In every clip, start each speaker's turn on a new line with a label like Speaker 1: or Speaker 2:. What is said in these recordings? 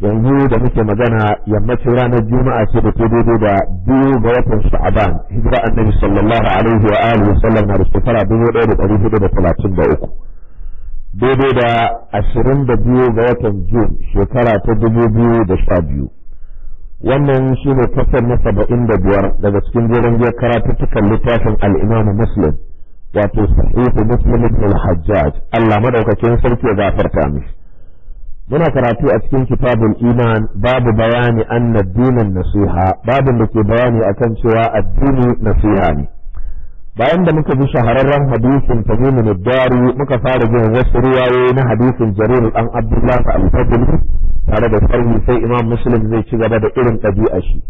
Speaker 1: yanzu da muke magana yammacin ranar juma'a ce da ke daidai da biyu ga watan sha'aban hijira annabi sallallahu alaihi wa alihi sallam na da shekara da da da daidai da biyu ga watan jun shekara ta dubu biyu da sha biyu wannan shi ne kasar na saba'in da daga cikin jerin biyar karatuttukan littafin al'imamu muslim wato sahihu muslim ibn al-hajjaj Allah madaukakin sarki ya gafarta mishi muna karatu a cikin kitabul iman babu bayani anna nasiha babin da ke bayani akan cewa addini nasiha ne bayan da muka bi shahararren hadisin tamimin dari muka fara jin wasu ruwaye na hadisin jarir dan abdullah al-fadl tare da sarhi sai imam muslim zai ci gaba da irin ɗabi'a shi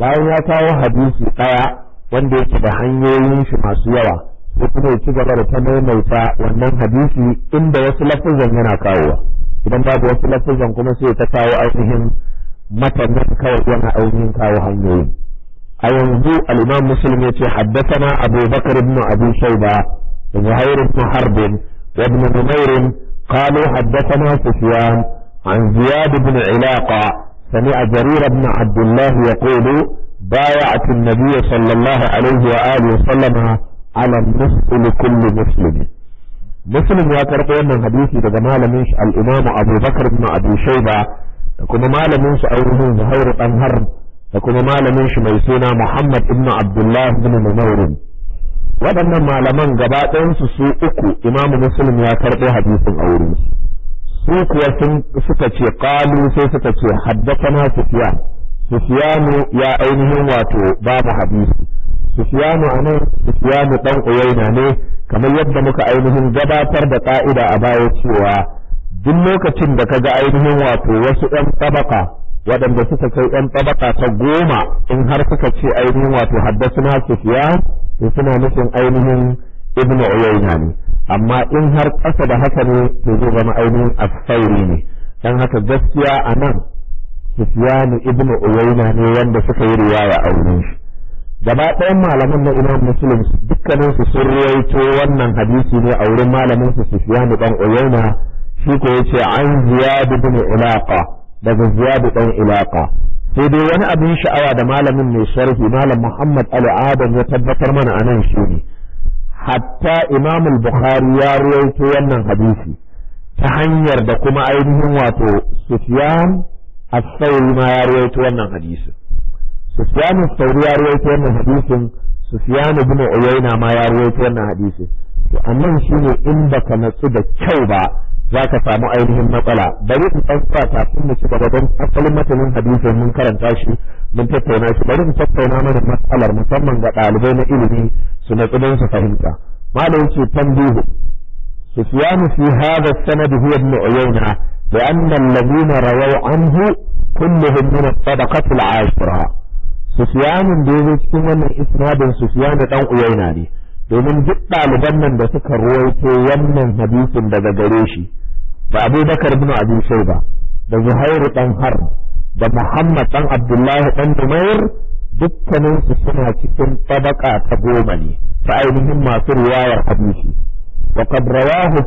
Speaker 1: bayan ya kawo hadisi ɗaya wanda yake da hanyoyin shi masu yawa sai kuma ya ci gaba da ta maimaita wannan hadisi inda wasu lafazan yana kawowa idan babu wasu lafazan kuma sai ta kawo ainihin matanin kawai yana ainihin kawo hanyoyi a yanzu al'imam muslim ya ce haddasana abu bakar ibn abu shaiba da zuhair ibn harbin wa ibn numair قالوا حدثنا سفيان عن زياد بن علاقة سمع جرير بن عبد الله يقول بايعت النبي صلى الله عليه وآله وسلم على النصف لكل مسلم muslim ya karɓo wannan hadisi daga malamin shi al-imamu abu bin abu shaiba da kuma malamin su ainihin zuhairu har da kuma malamin shi mai suna muhammad ibn abdullah bin munawrin waɗannan malaman gaba ɗayansu su uku imamu muslim ya karɓo hadisin aure. su kuwa suka ce kalu sai suka ce haddathana sufyan sufyanu ya ainihin wato babu hadisi sufiyanu a nan sufiyanu ɗan uwaina ne kamar yadda muka ainihin gabatar da ƙa'ida a baya cewa duk lokacin da ka ga ainihin wato wasu ‘yan tabaka waɗanda suka kai ɗan tabaka ta goma in har suka ce ainihin wato haddasuna sufiyan to suna nufin ainihin ibn uwaina ne amma in har ƙasa da haka ne to zai zama ainihin asfairi ne dan haka gaskiya anan nan ibnu ibn uwaina ne wanda suka yi riwaya a wurin shi gaba ɗayan malaman na imam muslim dukkanin su sun ruwaito wannan hadisi ne a wurin malamin su sufyan dan uyayna shi ko yace an ziyad ibn ilaqa daga ziyad dan ilaqa sai dai wani abin sha'awa da malamin mai sharhi malam muhammad ali adam ya tabbatar mana anan shi ne hatta imam al-bukhari ya ruwaito wannan hadisi ta hanyar da kuma ainihin wato sufyan as-sawri ma ya ruwaito wannan hadisi Sufyan sauri thawri ya rawaito wannan hadisin Sufyan ibn ma ya rawaito wannan hadisin to a nan shine in baka natsu da kyau ba zaka samu ainihin matsala bari in tsantsa kafin mu ci gaba don asalin matanin hadisin mun karanta shi mun tattauna shi bari mu tattauna mana matsalar musamman ga ɗalibai na ilimi su natsu don su fahimta malam ce tambihu سفيان في هذا السند هو ابن عيينة لأن الذين رووا عنه كلهم من الطبقة العاشرة Sufiyanin da ya cikin wannan isnadin Sufiyan da ɗan uwaina ne domin duk ɗaliban nan da suka ruwaito wannan hadisin daga gare shi da Abubakar bin Abi Shayba da Zuhairu ɗan Har da Muhammad ɗan Abdullahi ɗan Numair dukkaninsu suna cikin tabaka ta goma ne ta ainihin masu riwayar hadisi wa qad rawahu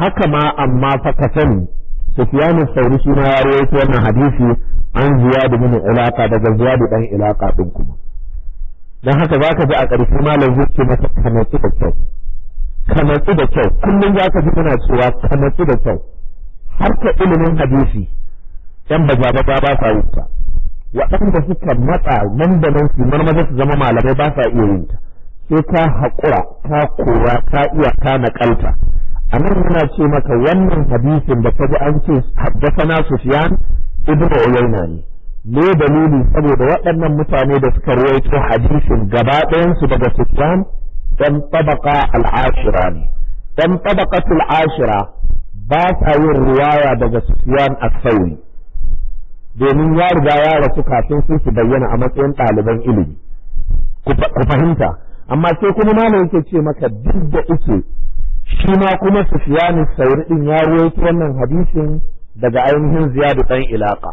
Speaker 1: haka ma amma fa Sufyan al shi ma ya rawaito wannan hadisi an da bin Ilaqa daga Ziyad dan Ilaqa din kuma dan haka zaka ji a ƙarshe malam zai ce da kyau ka da kyau kullum zaka ji muna cewa ka natsu da kyau harka ilimin hadisi yan bajaba ba ba sa wuta waɗanda suka matsa nan da nan su marmaza su zama malamai ba sa iya ta sai ka haƙura ta kora ka iya ka naƙalta anan muna ce maka wannan hadisin da kaji an ce haddasana sufyan ibnu uyayna ne me dalili saboda waɗannan mutane da suka rawaito hadisin gaba ɗayansu daga sufyan dan tabaqa al-ashira ne dan ashira ba sa yin riwaya daga sufyan as-sawi domin ya riga ya rasu kafin sun su bayyana a matsayin ɗaliban ilimi ku fahimta amma sai kuma malam yake ce maka duk da ike shi ma kuma fiya as-Sauri din ya ruwaito wannan hadisin daga ainihin ziyarar dan Ilaqa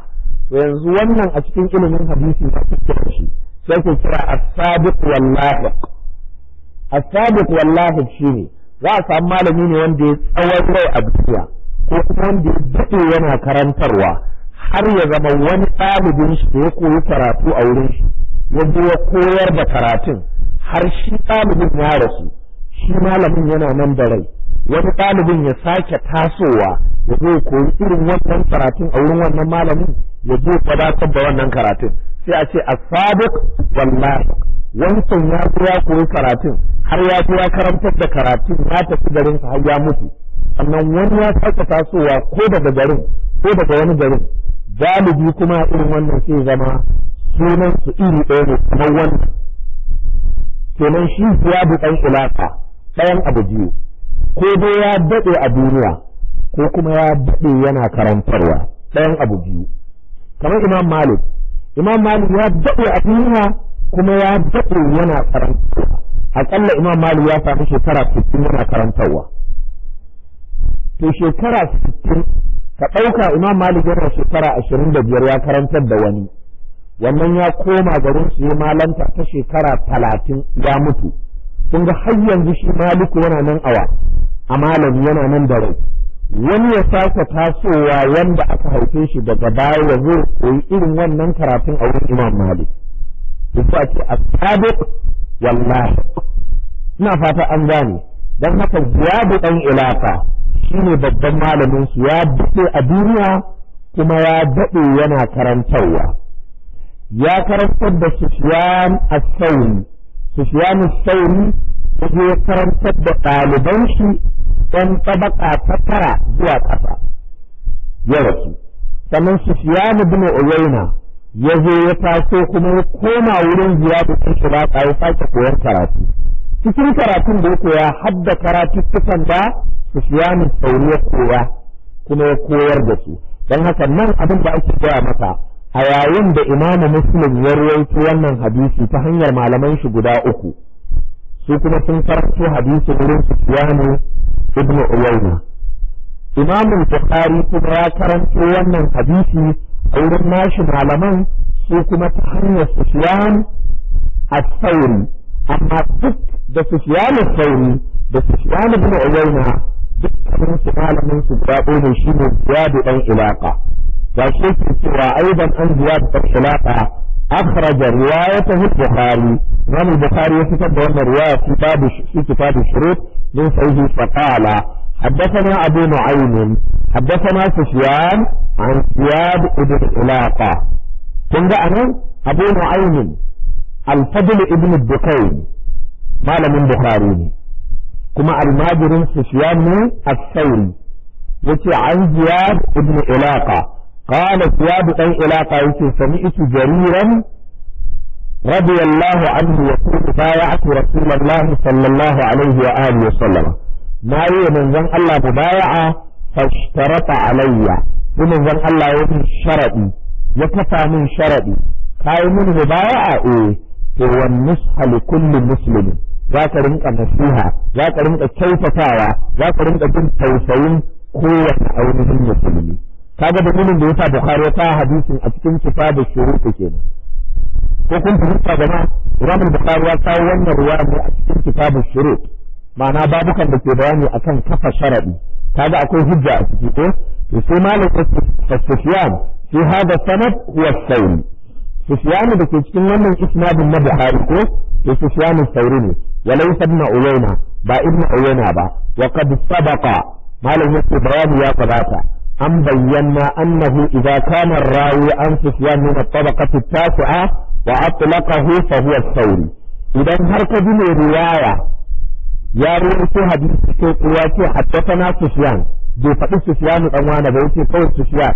Speaker 1: to yanzu wannan a cikin ilimin hadisi da kike shi sai ke kira as-sabiq wal lahiq as-sabiq wal lahiq shine za a samu malami ne wanda ya tsawon rai a duniya ko kuma wanda ya daɗe yana karantarwa har ya zama wani ɗalibin shi da ya koyi karatu a wurin shi ya ya koyar da karatun har shi ɗalibin ya rasu shi malamin yana nan da rai wani ɗalibin ya sake tasowa ya zo koyi irin wannan karatun a wurin wannan malamin ya zo gabatar da wannan karatun sai a ce asabuk wallahi wancan ya zo ya koyi karatun har ya zo ya karantar da karatun ya tafi garin har ya mutu sannan wani ya sake tasowa ko daga garin ko daga wani garin galibi kuma irin wannan sai zama sunan su iri ɗaya ne kamar wannan kenan shi ya bi ɗan ilaka ɗayan abu biyu ko dai ya daɗe a duniya ko kuma ya daɗe yana karantarwa ɗayan abu biyu kamar imam malik imam malik ya daɗe a duniya kuma ya daɗe yana karantarwa aƙalla imam malik ya samu shekara sittin yana karantarwa to shekara sittin ka ɗauka imam malik yana shekara ashirin da biyar ya karantar da wani wannan ya koma garin su ya malanta ta shekara talatin ya mutu kun ga har yanzu shi maliku yana nan awa a malami yana nan da rai wani ya sake tasowa wanda aka haife shi daga baya ya zo koyi irin wannan karatun a wurin imam malik yasa ce a sabiq wallahi ina fata an gane don haka bi dan ilafa shine babban malamin su ya bude a duniya kuma ya daɗe yana karantarwa ya karantar da su shiyan as Sufyan Sauri ya je karantar da ɗaliban shi ɗan tabaka ta tara zuwa ƙasa ya rasu sannan Sufyan bin Uyayna ya zo ya taso kuma ya koma wurin zuwa ɗan shi ba ya sake koyon karatu cikin karatun da ya koya hadda karatu kusan da Sufyan Sauri ya koya kuma ya koyar da su don hakan nan abin da ake koya maka a yayin da imamu muslim ya ruwaito wannan hadisi ta hanyar malaman shi guda uku su kuma sun farko hadisi wurin su sufyanu ibnu uyayna imamu bukhari kuma ya karanto wannan hadisi a wurin nashi malaman su kuma ta hanyar sufyan as-sauri amma duk da sufyan as-sauri da sufyan ibnu duk kamar su malamin su guda ɗaya ne shine ziyadu dan ilaka والحس وأيضا عن زيادة الخلافة أخرج روايته البخاري إمام البخاري يكتب أن رواية كتاب في كتاب الشروط من فيه فقال حدثنا أبو نعيم حدثنا سفيان عن زياد ابن علاقة ثم أنا أبو نعيم الفضل ابن الدقين مال من بخاري كما الماجر سفيان الثوري يتي عن زياد ابن علاقة qala siyadu dan ilaqa yace sami'tu jariran radiyallahu anhu yaqulu bay'atu rasulullahi sallallahu alaihi wa alihi wa sallam na yi wa manzon Allah mubaya'a fashtarata alayya sai manzon Allah ya yi sharadi ya kafa min sharadi kai mun mubaya'a eh to wan nusha li kulli muslimin za ka rinka nasiha za ka rinka kyautatawa za ka rinka tausayin kowane ainihin musulmi kaga dalilin da yasa bukhari ya sa hadisin a cikin kitab shurutu kenan ko kun fahimta jama'a imam bukhari ya kawo wannan ruwa ne a cikin kitab shurut ma'ana babukan da ke bayani akan kafa sharadi kaga akwai hujja a ciki ko to sai malik fasfiyan fi hada sanad huwa sauri sufyan da ke cikin wannan isnadin na bukhari ko to sufyan sauri ne walaysa ibn uyayna ba ibn uyayna ba wa qad sabaqa malam yake bayani ya sabata an bayyana annahu idza kana rawi an sufyan min at-tabaqati at-tasi'a wa atlaqahu fa huwa thawri idan har ka ji mai riwaya ya rubuta hadisi sai kuwa ce haddathana sufyan bai faɗi sufyan dan wani ba yace kawai sufyan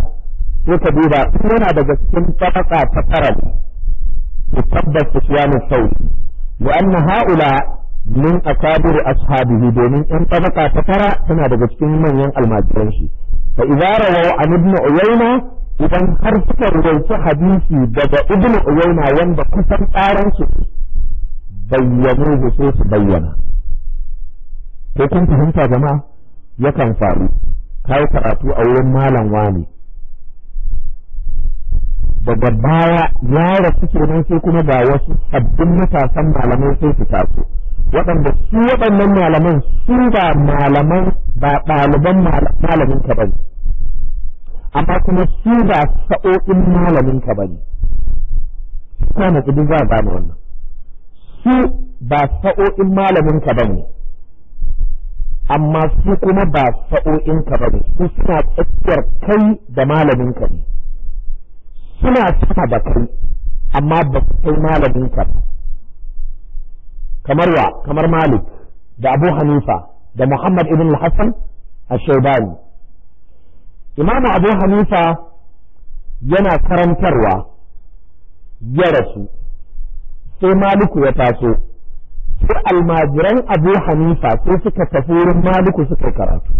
Speaker 1: sai ka duba yana daga cikin tabaqa ta su tabbas sufyan thawri wa anna ha'ula min akabir ashabihi domin ɗan tabaka ta tara tana daga cikin manyan almajiran shi fa idza rawaw an ibn uyayna idan har suka rawaito hadisi daga ibn uyayna wanda kusan tsaran su bayyanu sai su bayyana ko kun fahimta yakan faru kai karatu a wurin malam wani daga baya ya suke nan sai kuma ga wasu sabbin matasan malamai sai su taso waɗanda su waɗannan malaman su ba malaman ba ɗaliban malamin ka bane amma kuma su ba sa'o'in malamin ka bane kuma na duk za ba mu wannan su ba sa'o'in malamin ka bane amma su kuma ba sa'o'in ka bane su suna tsakiyar kai da malamin ka ne suna sama da kai amma ba su kai malamin ka ba kamar wa kamar malik da abu hanifa da muhammad ibn al hasan al-shaibani imamu abu hanifa yana karantarwa ya rasu sai maliku ya taso sai almajiran abu hanifa sai suka tafi wurin maliku suka karatu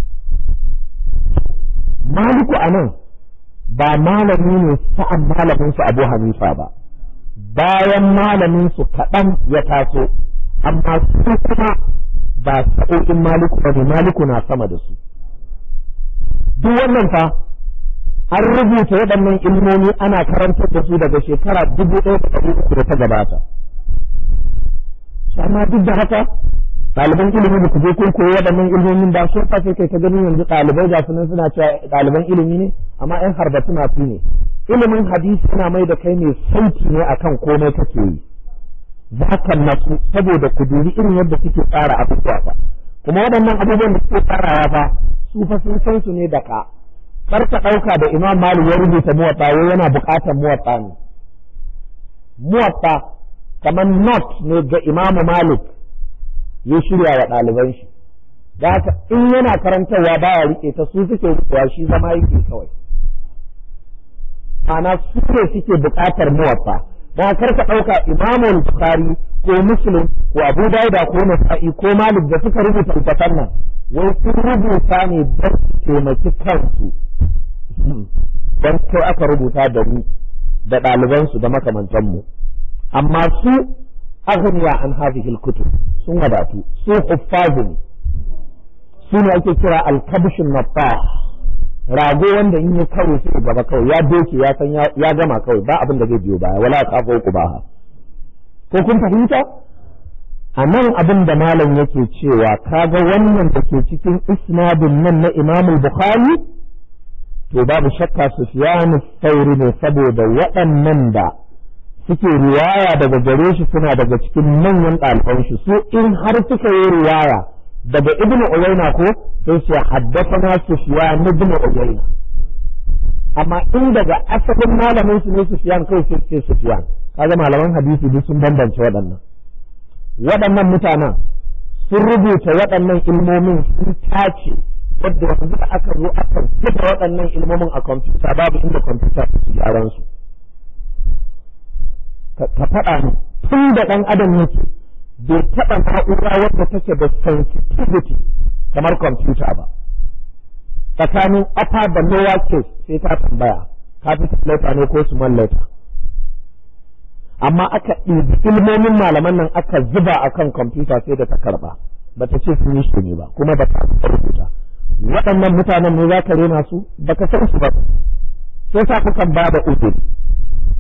Speaker 1: maliku a nan ba malami ne sa'an malaminsu abu hanifa ba bayan malaminsu kaɗan ya taso amma su kuma ba sa'o'in maliku ba ne maliku na sama da su duk wannan fa an rubuta waɗannan ilmomi ana karantar da su daga shekara dubu ɗaya da ɗari uku da ta gabata amma duk da haka ɗaliban ilimi ba ku je kun koyi waɗannan ilmomin ba sun fashe kai ta ganin yanzu ɗalibai ga su nan suna cewa ɗaliban ilimi ne amma yan harbatu na ne ilimin hadisi yana mai da kai mai sauki ne akan komai kake yi za ka natsu saboda ku dubi irin yadda suke tsara abubuwa fa kuma waɗannan abubuwan da suke tsarawa ba su fa sun san su ne da ka kar ka ɗauka da imam malik ya rubuta muwatta wai yana buƙatar muwatta ne muwatta kamar not ne ga imam malik ya shirya wa ɗaliban shi da in yana karantarwa ya rike ta su suke rubuwa shi zama yake kawai ana su ne suke buƙatar muwatta da kar ka ɗauka imamun bukhari ko muslim ko abu dauda ko nasa'i ko malik da suka rubuta littafan nan wai sun rubuta ne don su taimaki kansu don ko aka rubuta da mu da ɗalibansu da makamantanmu amma su aghniya an hadhihi kutub sun wadatu su huffazun su ne ake kira alkabshin kabshun nafah rago wanda in ya karo sai gaba kawai ya doke ya san ya gama kawai ba abin da zai biyo baya wala kafa uku ba ko kun fahimta a nan abin da malam yake cewa kaga wannan da ke cikin isnadin nan na imamul bukhari to babu shakka su sufyan sauri ne saboda waɗannan da suke riwaya daga gare shi suna daga cikin manyan ɗaliban su in har suka yi riwaya daga ibnu uwaina ko sai ce haddathana sufyan ibn uwaina amma in daga asalin malamin su ne sufyan kai sai ce sufyan kaga malaman hadisi duk sun bambance waɗannan waɗannan mutanen sun rubuta waɗannan ilmomin sun tace wadda yanzu da aka zo aka fita waɗannan ilmomin a kwamfuta babu inda kwamfuta ta ci gyaran su ka faɗa tun da ɗan adam yake bai taɓa na'ura wadda take da sensitivity kamar kwamfuta ba tsakanin upper da lower case sai ta tambaya fi letter ne ko small letter amma aka ɗibi ilmomin malaman nan aka zuba a kan kwamfuta sai da ta karɓa ba ta ce sun yi shi ba kuma ba ta rubuta waɗannan mutanen ne za ka rena su ba ka san su ba sai sa kan ba da uzuri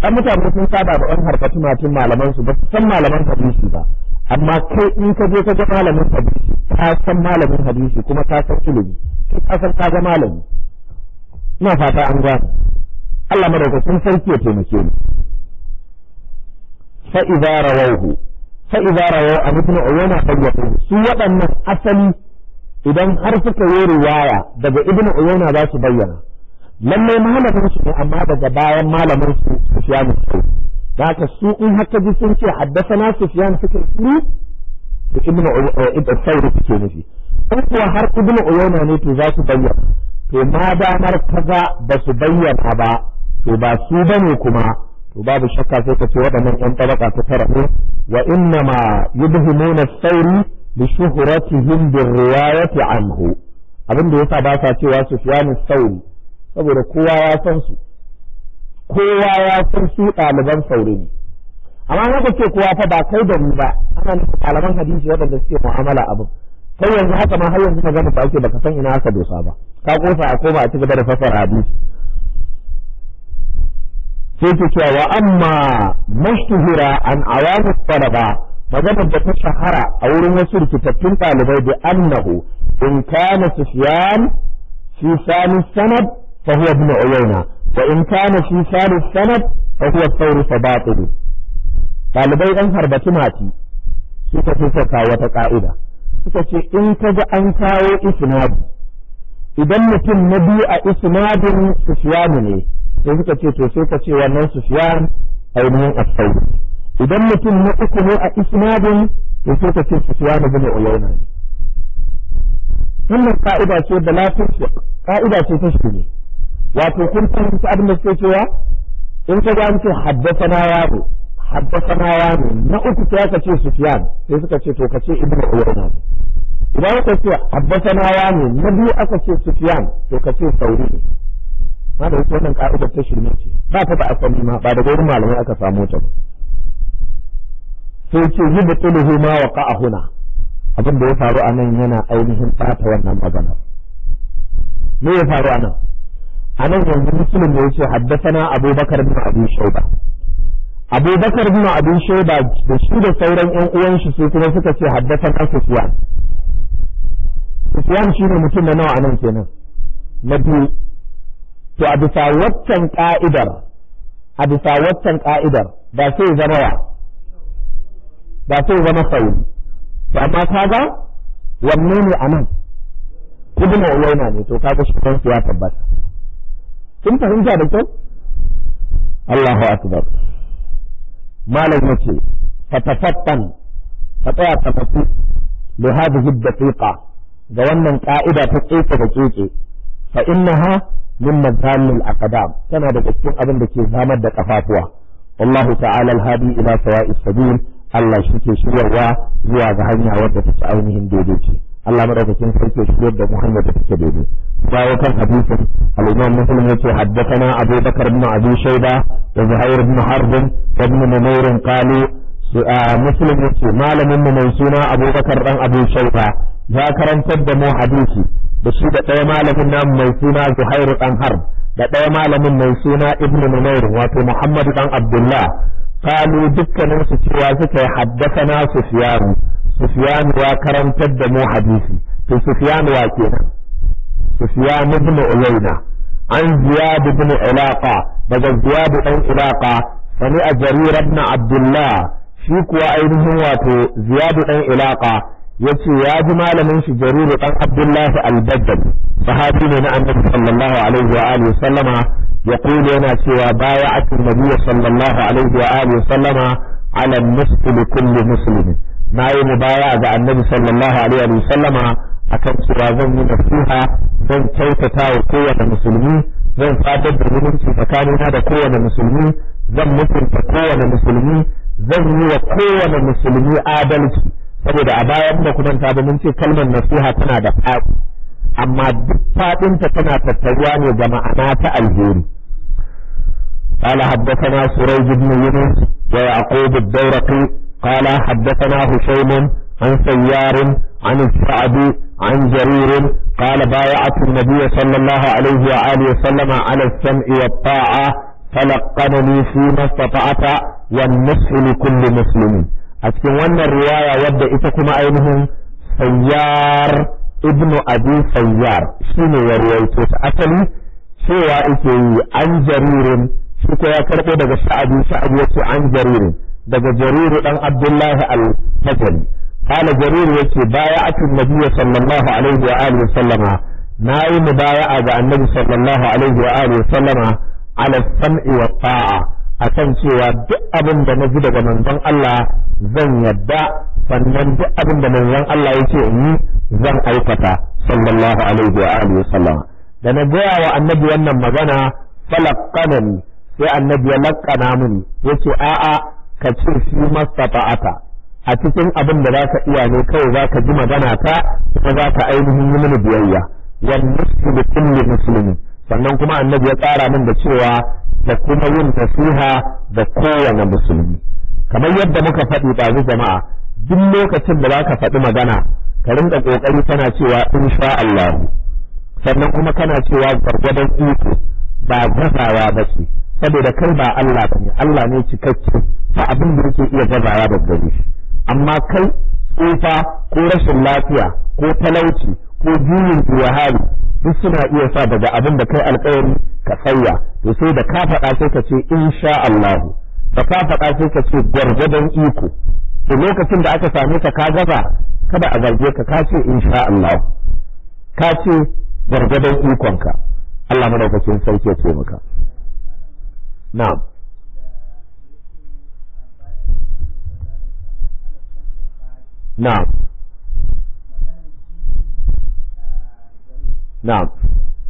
Speaker 1: ɗan mutane sun saba da ɗan harkatu matin malaman su ba su san malaman hadisi ba amma kai in ka je ka ga malamin hadisi ka san malamin hadisi kuma ka san ilimi ka san ka ga malami ina fata an gane Allah madaukakin sarki ya taimake ni fa idza rawahu fa idza rawahu a mutum uyana fayyatu su waɗannan asali idan har suka yi riwaya daga ibn uyana za su bayyana lalle malamin su amma daga bayan malamin su su ya mutu. da haka su in haka ji sun ce haddasana sufyan suke su da ibn eh, al-thawri suke nufi in kuwa har ibn uyayna ne to za su bayyana to ma damar kaza ba su bayyana ba to ba su bane kuma to babu shakka sai ka ce waɗannan ƴan tabaka ta tara ne wa inna ma yudhimuna thawri li shuhratihim bir riwayati anhu abin da yasa ba sa cewa sufyan sauri saboda kowa ya san su kowa ya san su ɗaliban saurin ne amma na ce kowa fa ba kai da mu ba ana nufin ɗaliban hadisi waɗanda suke mu'amala abin sai yanzu haka ma har yanzu magana ba ake baka san ina aka dosa ba ka kofa a koma a ci gaba da fasar hadisi sai ta cewa wa amma mashtuhira an awamu talaba maganar da ta shahara a wurin wasu rikitattun ɗalibai da annahu in kana sufyan fi Sani sanad fa huwa ibn uyayna wa in kana shi salis sanad fa huwa sauri fa batil ɗalibai ɗan harbatu mati suka fi saka wata ƙa'ida suka ce in ka ga an kawo isnadi idan mutum na biyu a isnadin sufiyanu ne sai suka ce to sai ka ce wannan sufiyan ainihin asauri idan mutum na uku ne a isnadin to sai ka ce sufiyanu bin uyayna ne wannan ka'ida ce da lafiya ka'ida ce ta shige wato kun fahimci abin da suke cewa in ka ga mutum ce haddasana yaro haddasana yaro na uku sai aka ce sufiyan sai suka ce to ka ce ibnu uyayna idan aka ce haddasana yaro na biyu aka ce sufiyan to ka ce sauri ne ba da wasu wannan ka'idar ta shirme ce ba ta a sani ma ba da gurin malamai aka samu ta ba sai ce yi butuluhu ma waqa'a huna abin da ya faru a nan yana ainihin ɓata wannan maganar me ya faru a nan a nan yanzu musulun ne yace haddasana abubakar bin abu shaiba abubakar bin abu shaiba da shi da sauran yan uwan shi su kuma suka ce haddasana sufyan sufyan ne mutum na nawa anan kenan na biyu to a bisa waccan ka'idar a bisa waccan ka'idar sai zama ya ba sai zama sauri to amma ga wanne ne anan kudin uwayna ne to ga shi ya tabbata kin fahimta da kyau Allahu akbar malam yace fatafattan ka tsaya ka fatu li ga wannan ka'ida ta tsefe da keke fa innaha min mazalil aqdam tana daga cikin abin da ke zamar da kafafuwa wallahu ta'ala alhadi ila sawa'is sabil Allah shi ke shiryarwa zuwa ga hanya wadda ta ainihin daidai ce Allah madaukakin sarki shi da muhammad hanyar da take daidai bayan kan hadisin al-Imam Muslim yace haddathana Abu Bakar ibn Abi Shayba da Zuhair ibn Harb ibn Numair qalu Muslim yace malamin mu mai suna Abu Bakar dan Abu Shayba ya karantar da mu hadisi da shi da ɗaya malamin namu mai suna Zuhair dan Harb da ɗaya malamin mai suna Ibn wato Muhammad dan Abdullah قالوا دكنا سفيان سكي حدثنا سفيان Sufyan ya karantar da mu hadisi to Sufyan wa kenan Sufyan ibn an Ziyad ibn Ilaqa daga Ziyad dan Ilaqa sani a Jarir ibn shi kuwa ainihin wato Ziyad dan Ilaqa yace ya ji malamin shi Jarir dan Abdullah al-Badr sahabi ne na Annabi sallallahu alaihi wa alihi sallama يقول هنا سوى بايعة النبي صلى الله عليه وآله وسلم على النصف لكل مسلم na yi mubaya ga annabi sallallahu alaihi wa sallama kan cewa zan yi nasiha zan kyautata wa kowane musulmi zan fadar da zumunci tsakanina da kowane musulmi zan mutunta kowane musulmi zan yi wa kowane musulmi adalci saboda a bayan da kudan ta mun ce kalmar nasiha tana da faɗi amma duk faɗinta tana tattaruwa ne ga ma'ana ta alheri قال حدثنا سريج بن يونس ويعقوب الدورقي قال حدثنا هشيم عن سيار عن السعد عن جرير قال بايعت النبي صلى الله عليه وآله وسلم على السمع والطاعة فلقنني فيما استطعت والنصح لكل مسلم أتكلم وانا الرواية ودى إتكما أينهم سيار ابن أبي سيار شنو يرويته أصلي cewa ike yi an jaririn shi ko ya karɓo daga sha'abi sha'abi ya ce an jaririn daga jariru dan abdullahi al-najari kana jariru yake baya'atu nabiyyi sallallahu alaihi wa alihi sallama nayi a ga annabi sallallahu alaihi wa alihi sallama ala sam'i wa ta'a akan cewa duk abin da na ji daga manzon Allah zan yadda sannan duk abin da manzon Allah yake in yi zan aikata sallallahu alaihi wa alihi sallama da na gaya wa annabi wannan magana falaqanani sai annabi ya laƙana mini yace a'a ka ce fi mastafa'ata a cikin abin da za ka iya ne kawai za ka ji magana ta kuma za ka ainihin yi mini biyayya yan nufi kulli musulmi sannan kuma annabi ya tsara min da cewa da kuma yin nasiha da kowane musulmi kamar yadda muka faɗi ɗazu jama'a duk lokacin da za ka faɗi magana ka rinka ƙoƙari tana cewa in sha allahu sannan kuma kana cewa gwargwadon iko ba gazawa ba ce saboda kai ba Allah ba ne Allah ne cikakke ba abin da yake iya gazawa da gari amma kai tsufa ko rashin lafiya ko talauci ko juyin hali duk suna iya sa daga abin da kai alkawari ka tsaya to sai da ka faɗa sai ka ce insha Allah da ka faɗa sai ka ce gwargwadon iko to lokacin da aka same ka ka gaza kada a zarge ka ka ce insha Allah ka ce
Speaker 2: gwargwadon ikonka
Speaker 1: Allah madaukakin sarki ya ce maka na'am na'am na'am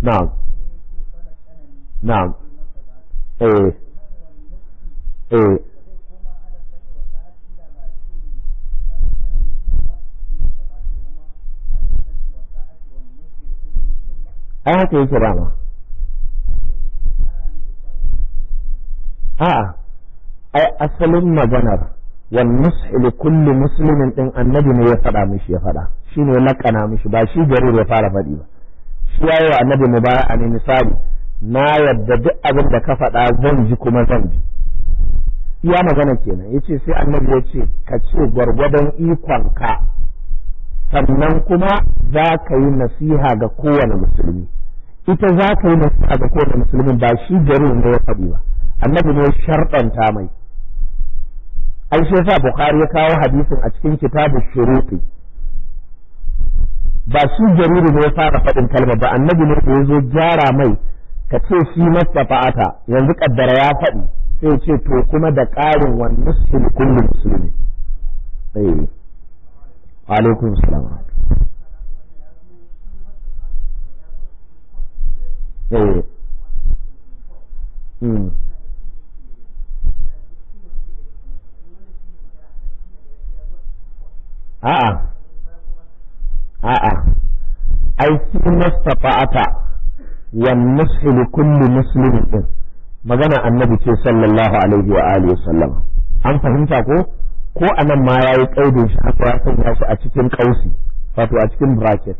Speaker 1: na'am na'am eh eh ai haka yake rama a'a ai asalin maganar wa nushi li kulli muslimin din annabi ne ya faɗa mishi ya faɗa shine ya lakana mishi ba shi jarir ya fara faɗi ba shi yayi wa annabi mubaraka ne misali na yadda duk abin da ka faɗa zan ji kuma zan ji iya magana kenan yace sai annabi ya ce ka ce gwargwadon ikon ka sannan kuma za ka yi nasiha ga kowane musulmi ita za ka yi nasiha ga kowane musulmi ba shi jarir ne ya faɗi ba annabi ne sharɗanta mai an shi yasa bukhari ya kawo hadisin a cikin kitabu shuruti ba su jariri ne ya fara faɗin kalma ba annabi ne da ya zo gyara mai ka ce shi ata yanzu kaddara ya faɗi sai ce to kuma da ƙarin wannan sun kullum musulmi alaikum salam a'a a'a ai su mustafa'ata wa nushi li kulli muslimin din magana annabi ce sallallahu alaihi wa alihi sallam an fahimta ko ko anan ma yayi kaidin shi haka ya san yasu a cikin kausi wato a cikin bracket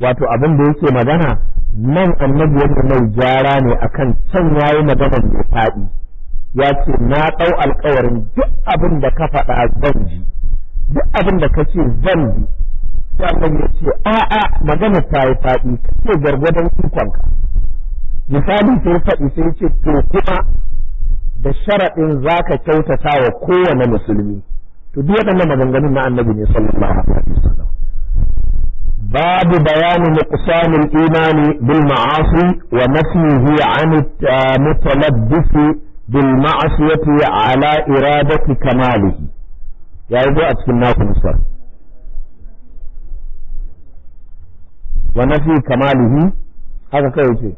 Speaker 1: wato abin da yake magana nan annabi ne mai jara ne akan can yayi magana mai faɗi ya ce na dau alƙawarin duk abin da ka faɗa zan ji duk abin da kace zan bi sai annabi ya ce a'a magana ta yi faɗi gargadan kukan ka misali sai fadi sai ce to kuma da sharaɗin zaka ka kyautata wa kowane musulmi to duk waɗannan maganganun na annabi ne sallallahu alaihi wasallam babu bayani nuqsanul imani bil ma'asi wa nafyihi an mutalabbisi bil ma'asiyati ala iradati kamalihi ya yi a cikin naku nuskar wa nafi kamalihi haka kai ce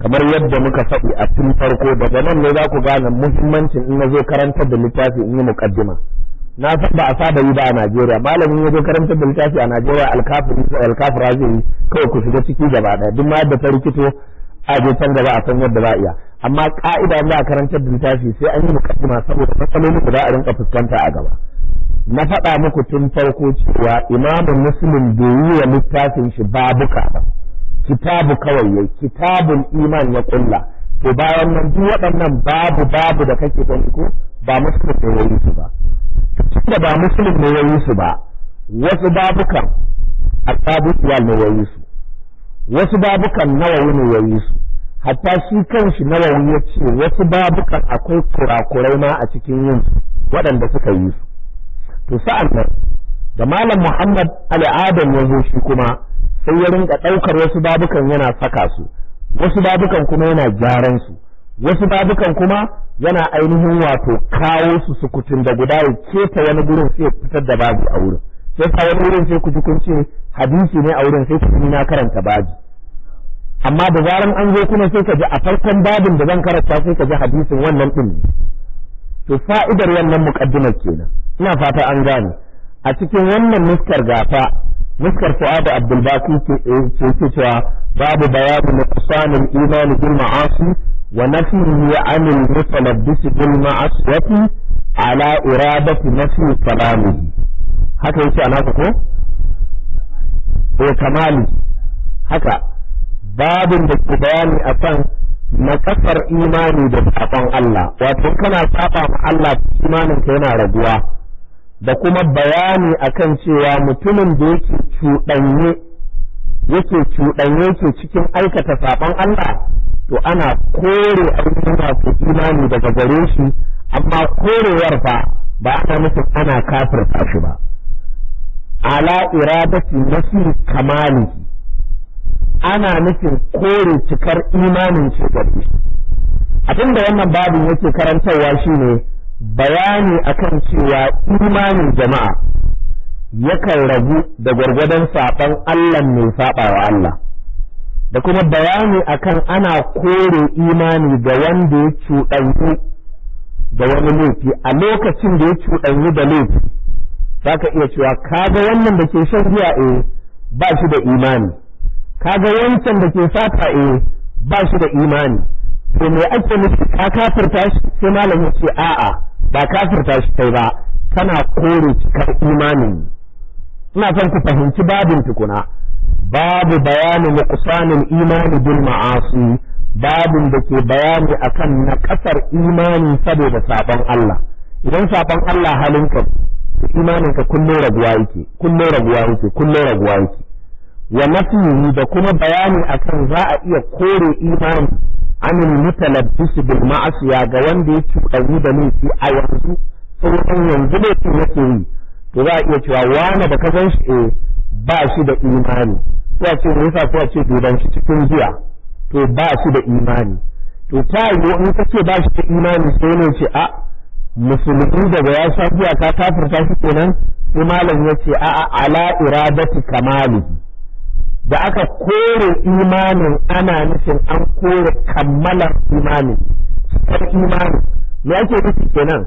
Speaker 1: kamar yadda muka faɗi a tun farko daga nan ne za ku gane muhimmancin in na zo karantar da littafi in yi muƙaddima na san a saba yi ba a Najeriya malamin ya zo karantar da littafi a Najeriya alkafiri ko alkafira zai yi kawai ku shiga ciki gaba daya duk ma da ta rikito a je can gaba a san yadda za a iya amma ka'ida za a karantar da littafi sai an yi muƙaddima saboda matsaloli da za a rinka fuskanta a gaba na faɗa muku tun farko cewa imamin muslim bai yi wa littafin shi babuka ba kitabu kawai yayi kitabun iman ya kulla to bayan nan duk waɗannan babu babu da kake gani ko ba muslim ne yayi su ba tunda ba muslim ne yayi su ba wasu babukan al-qabu ne yayi su wasu babukan nawawi ne yayi su hatta shi kanshi nawawi ya ce wasu babukan akwai kurakurai ma a cikin yin waɗanda suka yi su to sa'an nan da malam muhammad ali adam shi kuma sai ya rinka ɗaukar wasu babukan yana saka su wasu babukan kuma yana gyaran su wasu babukan kuma yana ainihin wato kawo su sukutun da guda ya keta wani gurin sai fitar da babu a wurin sai ka wani wurin sai ku ji ce hadisi ne a wurin sai ku ni na karanta babu amma da zaran an zo kuma sai ka ji a farkon babin da zan karanta sai ka ji hadisin wannan din ne to fa'idar wannan muqaddimar kenan ina fata an gane a cikin wannan nuskar gafa Muskar Fu'ad Abdulbaki ke cewa babu bayanu na kusanin imani bil ma'asi wa nafihi anil mutalabbisi bil ma'asiyati ala iradati nafi kalamihi haka yake anaka ko eh kamali haka babin da ke bayani akan nakasar imani da Allah wato kana saba ma Allah imanin yana raguwa da kuma bayani akan cewa mutumin da yake cuɗanye yake cuɗanye ke cikin aikata saɓon Allah to ana kore ainihin masu imani daga gare shi amma korewar fa ba ana nufin ana kafirta shi ba ala iradati nasi kamali ana nufin kore cikar imanin shi gare shi abinda wannan babin yake karantarwa shine bayani akan cewa imanin jama'a yakan rabu da gwargwadon saɓan Allah mai wa Allah da kuma bayani akan ana kore imani ga wanda ya cuɗanyu da wani laifi a lokacin da ya cuɗanyu da laifi za ka iya cewa kaga wannan da ke shan giya eh ba shi da imani kaga wancan da ke fata eh ba shi da imani to me ake nufi ka kafirta shi sai malamin ce a'a ba kafirta shi kai ba tana kore cikar imanin ina son ku fahimci babin tukuna babu bayanin kusanin imani bil ma'asi babin da ke bayani akan na kasar imani saboda sabon Allah idan sabon Allah halin ka imanin kun kullum raguwa yake kullum raguwa yake kullum raguwa yake wa nafihi da kuma bayani akan za a iya kore imani anil mutalabbis bil ma'asiya ga wanda ya cuɗanyi da laifi a yanzu tsohon yanzu laifin yake yi to za a iya cewa wani da ka shi eh ba shi da imani sai ce me yasa ko a ce duban shi cikin jiya to ba shi da imani to ta yiwu in ka ce ba shi da imani sai ne ce a musulmi daga ya sha jiya ka kafirta shi kenan sai malam ya ce a ala iradati kamali. da aka kore imanin ana nufin an kore kammalar imanin cikar imani me ake nufi kenan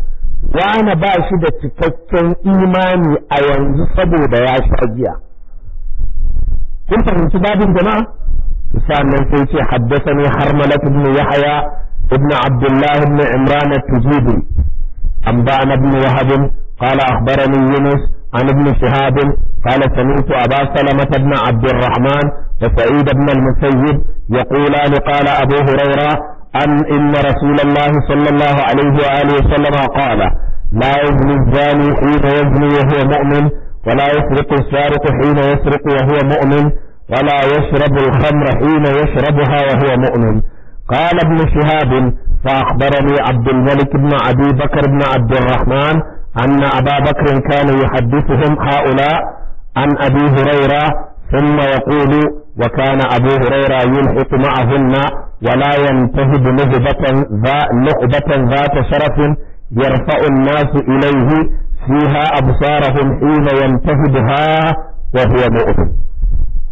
Speaker 1: wani ba shi da cikakken imani a yanzu saboda ya sha jiya kun fahimci babin jama'a sannan sai ce haddasa ne har malak ibn yahya ibn abdullah ibn imran at-tujibi an ba'an ibn wahab qala akhbarani yunus عن ابن شهاب قال سمعت أبا سلمة بن عبد الرحمن وسعيد بن المسيب يقولان قال أبو هريرة أن إن رسول الله صلى الله عليه وآله وسلم قال لا يزني الزاني حين يزني وهو مؤمن ولا يسرق السارق حين يسرق وهو مؤمن ولا يشرب الخمر حين يشربها وهو مؤمن قال ابن شهاب فأخبرني عبد الملك بن أبي بكر بن عبد الرحمن أن أبا بكر كان يحدثهم هؤلاء عن أبي هريرة ثم يقول وكان أبو هريرة يلحق معهن ولا ينتهب نهبة ذا نهبة ذات شرف يرفع الناس إليه فيها أبصارهم حين ينتهبها وهو مؤمن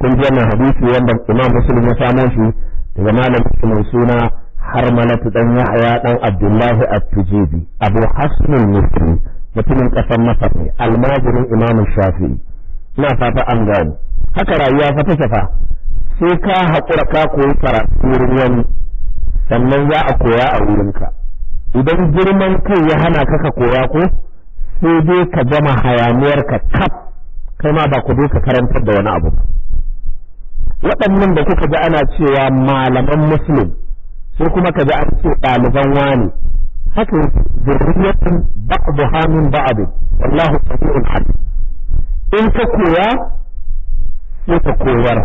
Speaker 1: كنت أنا حديثي وأن الإمام مسلم يساموشي زمان من سنة حرملة بن يحيى بن عبد الله التجيبي أبو حسن المصري mutumin ƙasar masar ne almajirin imamin shafi. ina fata an gani haka rayuwa fa shafa sai ka haƙura ka koyi karatu wurin wani sannan za a koya a wurinka idan girman kai ya hana kaka koya ko sai dai ka hayaniyar ka kaf kai ma ba ku ka karantar da wani abu waɗannan da kuka ji ana cewa malaman musulun sai kuma ka ji an ce ɗaliban wani haka zurriyatan ba'daha min ba'd wallahu sami'un alim in ka koya sai ka koyar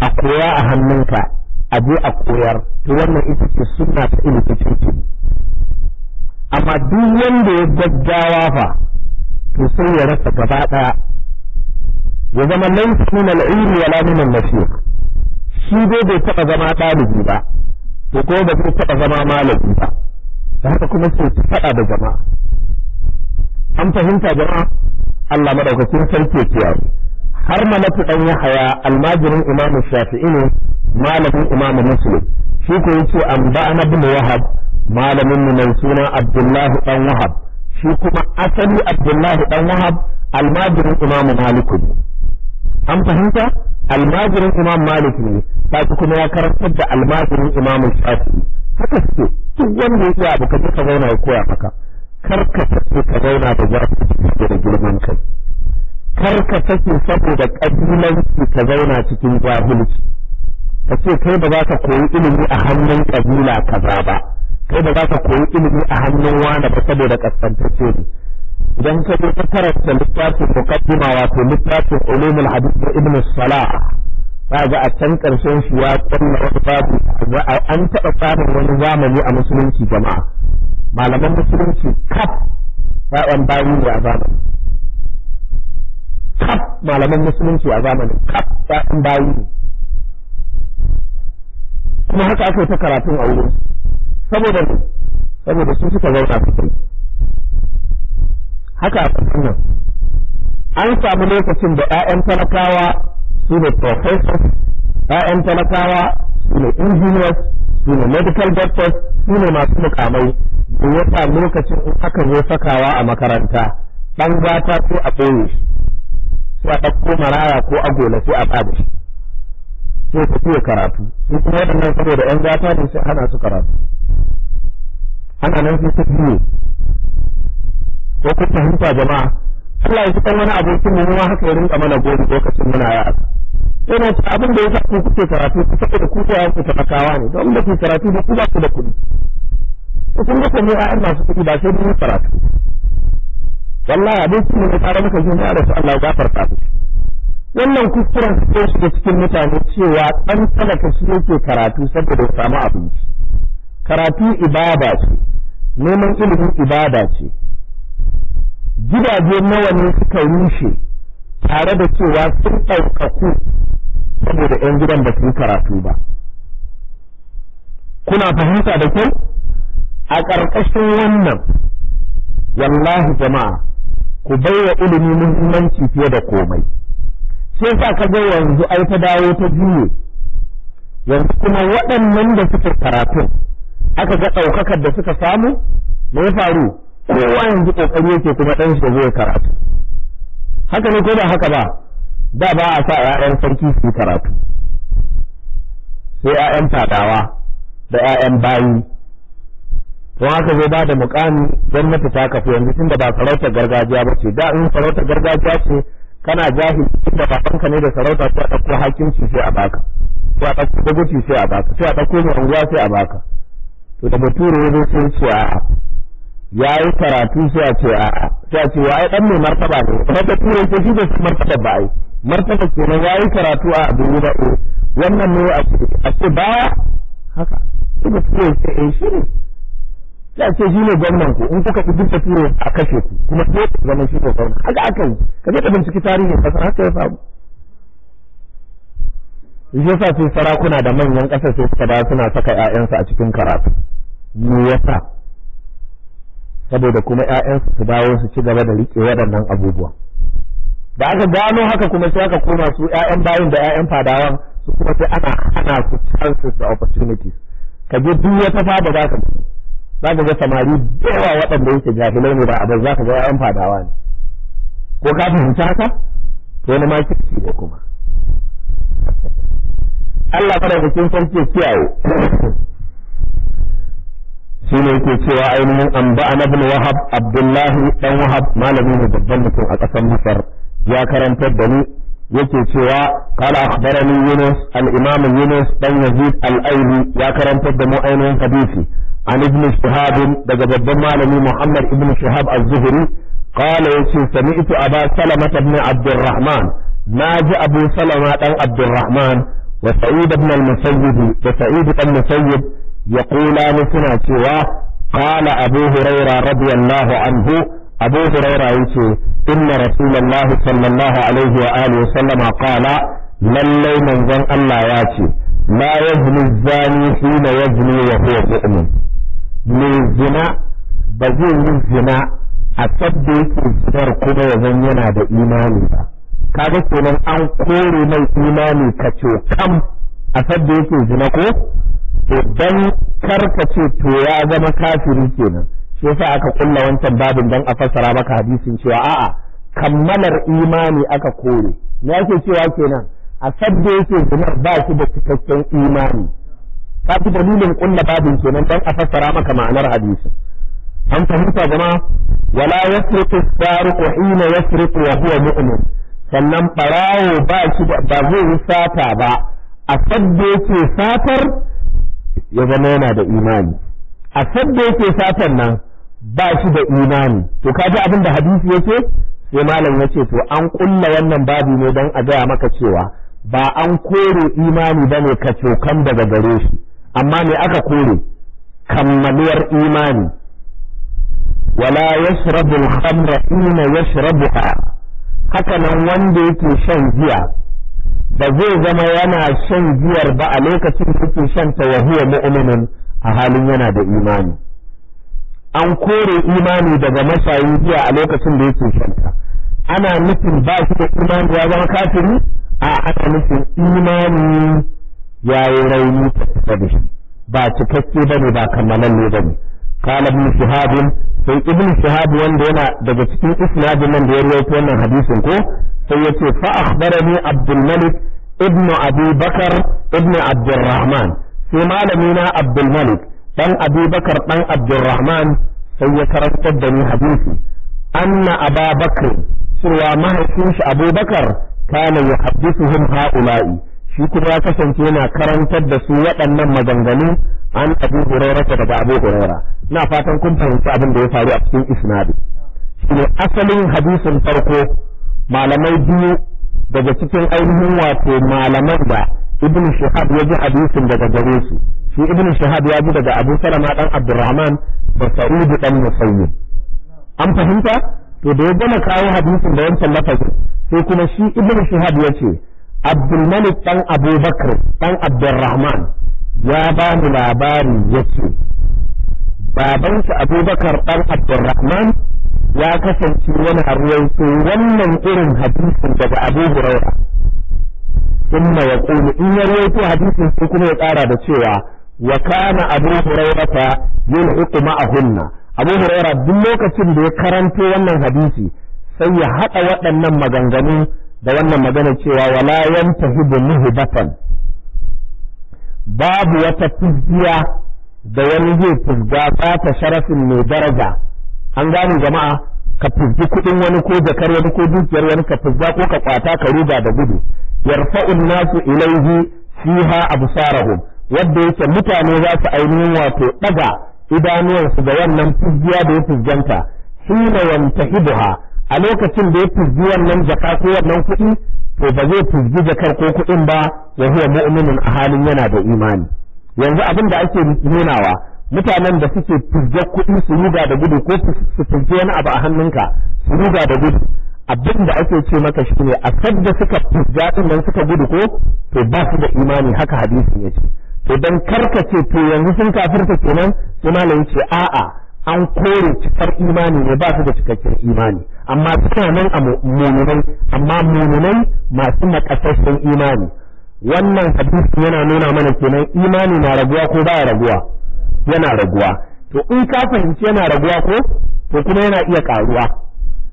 Speaker 1: a koya a hannunka a je a koyar to wannan ita ce sunna ta ilimi ce amma duk wanda ya gaggawa ba to sai ya rasa gaba daya ya zama laysa min al-ilmi wala bai taɓa zama ɗalibi ba to ko taba zama malami ba da haka kuma ke faɗa da jama'a an fahimta jama'a Allah madaukakin sarki ya kiyaye har malatu dan yahaya almajirin imamu shafi'i ne malamin imamu muslim shi ko yace an ba'ana bin wahab malamin mu mai suna abdullahi dan wahab shi kuma asali abdullahi dan wahab almajirin imamu maliku an fahimta almajirin imam malik ne ta kuma ya karantar da almajirin imamu shafi'i haka suke duk wanda ya abu ka ka zauna ya koya maka kar ka sake ka zauna da zafi da girman kai kar ka sake saboda kabilanci ka zauna cikin jahilci ka ce kai ba za ka koyi ilimi a hannun kabila kaza ba kai ba za ka koyi ilimi a hannun wani ba saboda kaskantacce ne idan ka zo ka karanta littafin muqaddima wato littafin ulumul hadith da ibn salah kaga a can karshen shi ya kunna wani babu an taɓa samun wani zamani a musulunci jama'a malaman musulunci kaf ra'ayin bayi ne a zamani kaf malaman musulunci a zamanin kaf ra'ayin bayi ne kuma haka aka yi ta karatun a wurin saboda ne saboda su suka zauna su kai haka a nan an samu lokacin da 'ya'yan talakawa su ne professors ‘ya’yan talakawa su ne engineers su ne medical doctors su ne masu mukamai da yasa lokacin in aka zo sakawa a makaranta ɗan gata ko a ɓoye shi sai a ɗauko maraya ko agola su a ɓada shi sai su fiye karatu su kuma waɗannan saboda ‘yan gata ne sai hana su karatu ana nan sai su biye ko kun fahimta jama'a Allah ya fitar wani abokin mu ma haka ya rinka mana gobe lokacin muna yara yana ce abin da ya sa ku kuke karatu ku saboda ku ta ku talakawa ne don da ku karatu da ku ba ku da kuɗi kun ga mu masu kuɗi ba sai mun karatu wallahi abokin mu ne tsara muka jin da su Allah ya gafarta ku. wannan kuskuren su ke shiga cikin mutane cewa ɗan talaka shi yake karatu saboda ya samu abinci karatu ibada ce neman ilimin ibada ce gidaje nawa ne suka rushe tare da cewa sun ɗaukaku saboda 'yan gidan da su karatu ba kuna fahimta da kyau a ƙarƙashin wannan wallahi jama'a ku baiwa ilimi muhimmanci fiye da komai sai sa ka ga yanzu ai ta dawo ta juye yanzu kuma waɗannan da suke karatun aka ga ɗaukakar da suka samu me ya faru kowa yanzu kokari yake kuma dan shi zai karatu haka ne ko da haka ba da ba a sa ƴaƴan sarki su karatu sai ƴaƴan fadawa da ƴaƴan bayi to haka zai bada na gwamnati ta kafa yanzu tunda ba sarautar gargajiya ba ce da in sarautar gargajiya ce kana jahil tunda babanka ne da sarauta sai a ɗauko hakimci sai a baka sai a ɗauko gwamnati sai a baka sai a ɗauko mai unguwa sai a baka to da mutum ne zai sai ce a'a ya yi karatu sai a ce a'a sai a ce wai dan mai martaba ne kuma ta turanci shi da martaba ba ai martaba kenan ya yi karatu a abu ba eh wannan ne a ce baya haka shi da turanci eh shi ne sai a ce shi ne gwamnan ku in kuka ku duka turai a kashe ku kuma sai ku zama shi ne gwamnan haka aka yi ka je ka binciki tarihin kasar haka ya samu. shi sa sai sarakuna da manyan ƙasa sai suka da suna saka 'ya'yansu a cikin karatu me yasa saboda kuma ya'yan su dawo su ci gaba da riƙe waɗannan abubuwa da aka gano haka kuma sai aka koma su ‘ya'yan bayin da ‘ya'yan fadawan su kuma sai ana hana su chances da opportunities ka je duk wata fada za ka za ka ga samari da waɗanda yake jahilai ne ba abin za ka ga ‘ya'yan fadawa ne ko ka fahimci haka to wani ma kirki ne kuma Allah madaukakin ke kiyaye shine ne yake cewa ainihin an ba'ana bin wahab abdullahi dan wahab malami ne babban mutum a ƙasar masar ya karantar da ni yake cewa kala akhbarani yunus al-imam yunus dan yazid al aili ya karantar da mu ainihin hadisi an ibn shihab daga babban malami muhammad ibn shihab az-zuhri qala yace sami'tu aba salama ibn abdurrahman naji abu salama dan abdurrahman wa sa'id ibn al-musayyib da sa'id ibn musayyib yaqula ni suna cewa qala abu huraira radiyallahu anhu abu huraira yace inna rasulullahi sallallahu alaihi wa alihi wa sallama qala lallai manzon Allah ya ce la yazni zani hina yazni wa huwa mu'min mai zina ba zai yi zina a sabda yake zinar kuma ya yana da imani ba kaga kenan an kore mai imani kace kam a sabda yake zina ko to dan karkace to ya zama kafiri kenan shi yasa aka kulla wancan babin don a fassara maka hadisin cewa a'a kammalar imani aka kore me yake cewa kenan a sadda yake zinar ba shi da cikakken imani ka fi dalilin kulla babin kenan don a fassara maka ma'anar hadisin an fahimta jama'a wala yasriqu sariqu hina yasriqu wa huwa mu'min sannan barawo ba shi ba zai sata ba a sadda yake satar ya zama yana da imani a sadda yake satan nan ba shi da imani to kaji abin da hadisi ce sai malam ya ce to an kulla wannan babu ne don a gaya maka cewa ba an kore imani ba ne ka cokan daga gare shi amma me aka kore kammaluwar imani wala yashrabu al-khamra hina yashrabuha haka nan wanda yake shan jiya. ba zai zama yana shan giyar ba a lokacin kuke shanta shan ta wahuwa mu'minin a halin yana da imani an kore imani daga mashayi giya a lokacin da yake shan ta ana nufin ba shi da imani ya zama kafiri a ana nufin imani ya yi rauni ta da shi ba cikakke ne ba kammalalle ne. قال ابن شهاب sai ibn shahab wanda yana daga cikin isnadin nan da ya rawaito wannan hadisin ko sai yace fa akhbarani abdul malik ibn abi bakar ibn sai malami na abdul malik dan abi bakar dan abdurrahman sai ya karantar da ni hadisi anna aba bakr cewa mahaifin shi abubakar kana yuhaddithuhum haula'i shi kuma ya kasance yana karantar da su waɗannan maganganu an abu hurera ta daga abu hurera na fatan kun fahimci abin da ya faru a cikin isnadi ne asalin hadisin farko malamai biyu daga cikin ainihin wato malaman da ibn shahab ya ji hadisin daga gare su shi ibn shahab ya ji daga abu salama dan abdurrahman da sa'udu dan musayyi an fahimta to da ya gama kawo hadisin da wancan lafazin sai kuma shi ibn shahab ya ce abdulmalik ɗan abubakar ɗan abdulrahman ya ba mu labari ya ce babansa abubakar ɗan abdulrahman ya kasance wani ruwaito wannan irin hadisin daga abu huraira inna ya ƙulu in ya ruwaito hadisin sai kuma ya ƙara da cewa wa kana abu hurairata yin hukuma a hunna abu huraira duk lokacin da ya karanto wannan hadisi sai ya haɗa waɗannan maganganu da wannan magana cewa wala yantahibu batan babu wata fizgiya da wani zai fizga fata sharafin mai daraja an gane jama'a ka fizgi kuɗin wani ko jakar wani ko dukiyar wani ka fizga ko ka kwata ka ruga da gudu yarfa'un nasu ilaihi fiha absarahum wanda yake mutane za su ainihin wato daga idanuwansu ga wannan fizgiya da ya fizganta hina yantahibuha a lokacin da ya wannan jaka ko wannan kuɗi to ba zai fizgi jakar ko kuɗin ba ya huwa mu'minin a halin yana da imani yanzu abin da ake nunawa mutanen da suke fizgar kuɗi su ruga da gudu ko su fizgi wani abu a hannunka su ruga da gudu abin da ake ce maka shi ne a sadda suka fizga din nan suka gudu ko to ba su da imani haka hadisi ya ce to dan ce to yanzu sun kafirta kenan sai malamin ce a'a an kore cikar imani ne ba su da cikakken imani amma suna nan a muminai amma muminai masu nakasashen imani wannan hadisi yana nuna mana kenan imani na raguwa ko baya raguwa yana raguwa to in ka fahimci yana raguwa ko to kuma yana iya karuwa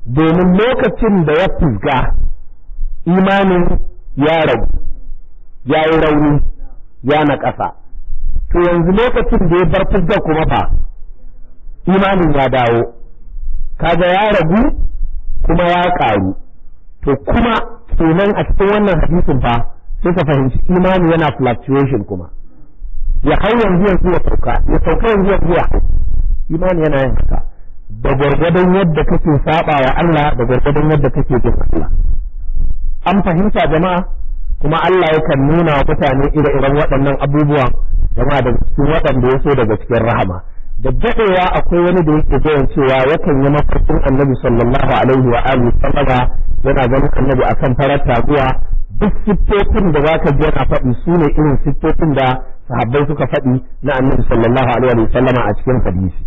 Speaker 1: domin lokacin da ya fusga imanin ya ragu ya yi rauni ya naƙasa to yanzu lokacin da ya bar fusgar kuma fa imanin ya dawo kaga ya ragu kuma ya ƙaru to kuma kenan a cikin wannan hadisin fa sai ka fahimci imani yana fluctuation kuma ya hau yanzu yanzu ya sauka ya sauka yanzu yanzu ya hau imani yana yin haka da gwargwadon yadda kake saba wa Allah da gwargwadon yadda kake jin Allah an fahimta jama'a kuma Allah yakan nuna wa mutane ire-iren waɗannan abubuwan jama'a daga cikin waɗanda ya so daga cikin rahama da daɗewa akwai wani da yake jiran cewa yakan yi mafarkin annabi sallallahu alaihi wa alihi sallama yana ganin annabi akan farar taguwa duk siffofin da za ka ji yana faɗi su ne irin siffofin da sahabbai suka faɗi na annabi sallallahu alaihi wa sallama a cikin hadisi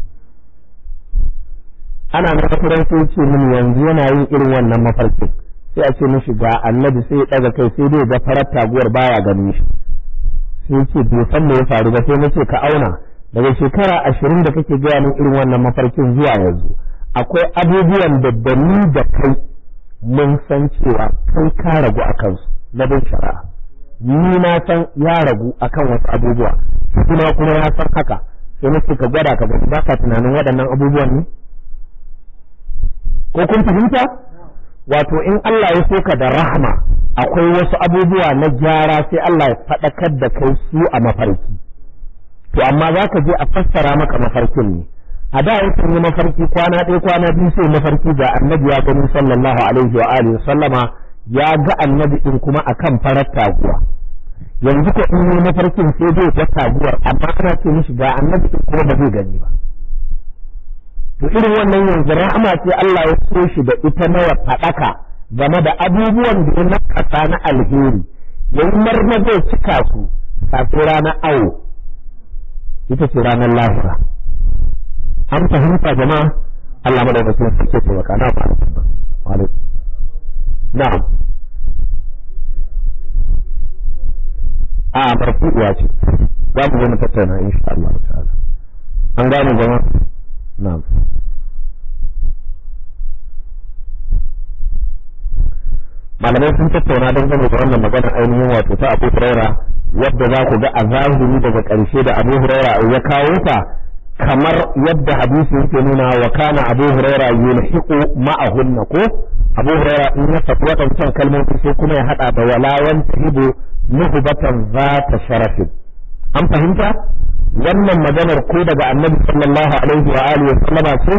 Speaker 1: ana na mafarar sai ce min yanzu yana yin irin wannan mafarkin sai a ce mishi ga annabi sai ya ɗaga kai sai dai ga farar taguwar baya ganin shi sai ce bai san me ya faru ba sai mace ka auna daga shekara ashirin da kake gaya min irin wannan mafarkin zuwa yanzu akwai abubuwan da da ni da kai mun san cewa kai ka ragu a kansu na bin shara. ni na san ya ragu a kan wasu abubuwa kuma kuma ya san haka sai nake ka gwada ka gani ka tunanin waɗannan abubuwan ne ko kun fahimta wato in Allah ya soka da rahama akwai wasu abubuwa na gyara sai Allah ya faɗakar da kai su a mafarki to amma za ka je a fassara maka mafarkin ne a da yakan yi mafarki kwana ɗaya kwana biyu sai mafarki ga annabi ya gani sallallahu alaihi wa alihi sallama ya ga annabi in kuma akan farar taguwa yanzu ko in yi mafarkin sai zai ga taguwar amma ana ce mishi ga annabi in kuma ba zai gani ba to irin wannan yanzu rahama ce Allah ya so shi da ita nawa faɗaka game da abubuwan da ya nakasa na alheri yayin marmar zai cika su kafin ranar awo ita ce ranar lahira an fahimta jama'a Allah madaukakin sarki ya taimaka na ba wa alaikum na'am a marfu'uwa ce za mu zo mu tattauna insha Allah ta'ala an gane jama'a na'am malamai sun tattauna don gane da wannan magana ainihin wato ta abu huraira yadda za ku ga a zahiri daga ƙarshe da abu huraira ya kawo ta kamar yadda hadisi yake nuna wa kana abu huraira yulhiqu ma'ahunna ko abu huraira in ya tafi waɗancan kalmomi sai kuma ya haɗa da walawan tahibu nuhubatan za ta sharafin an fahimta wannan maganar ko daga annabi sallallahu alaihi wa alihi wa sallama ce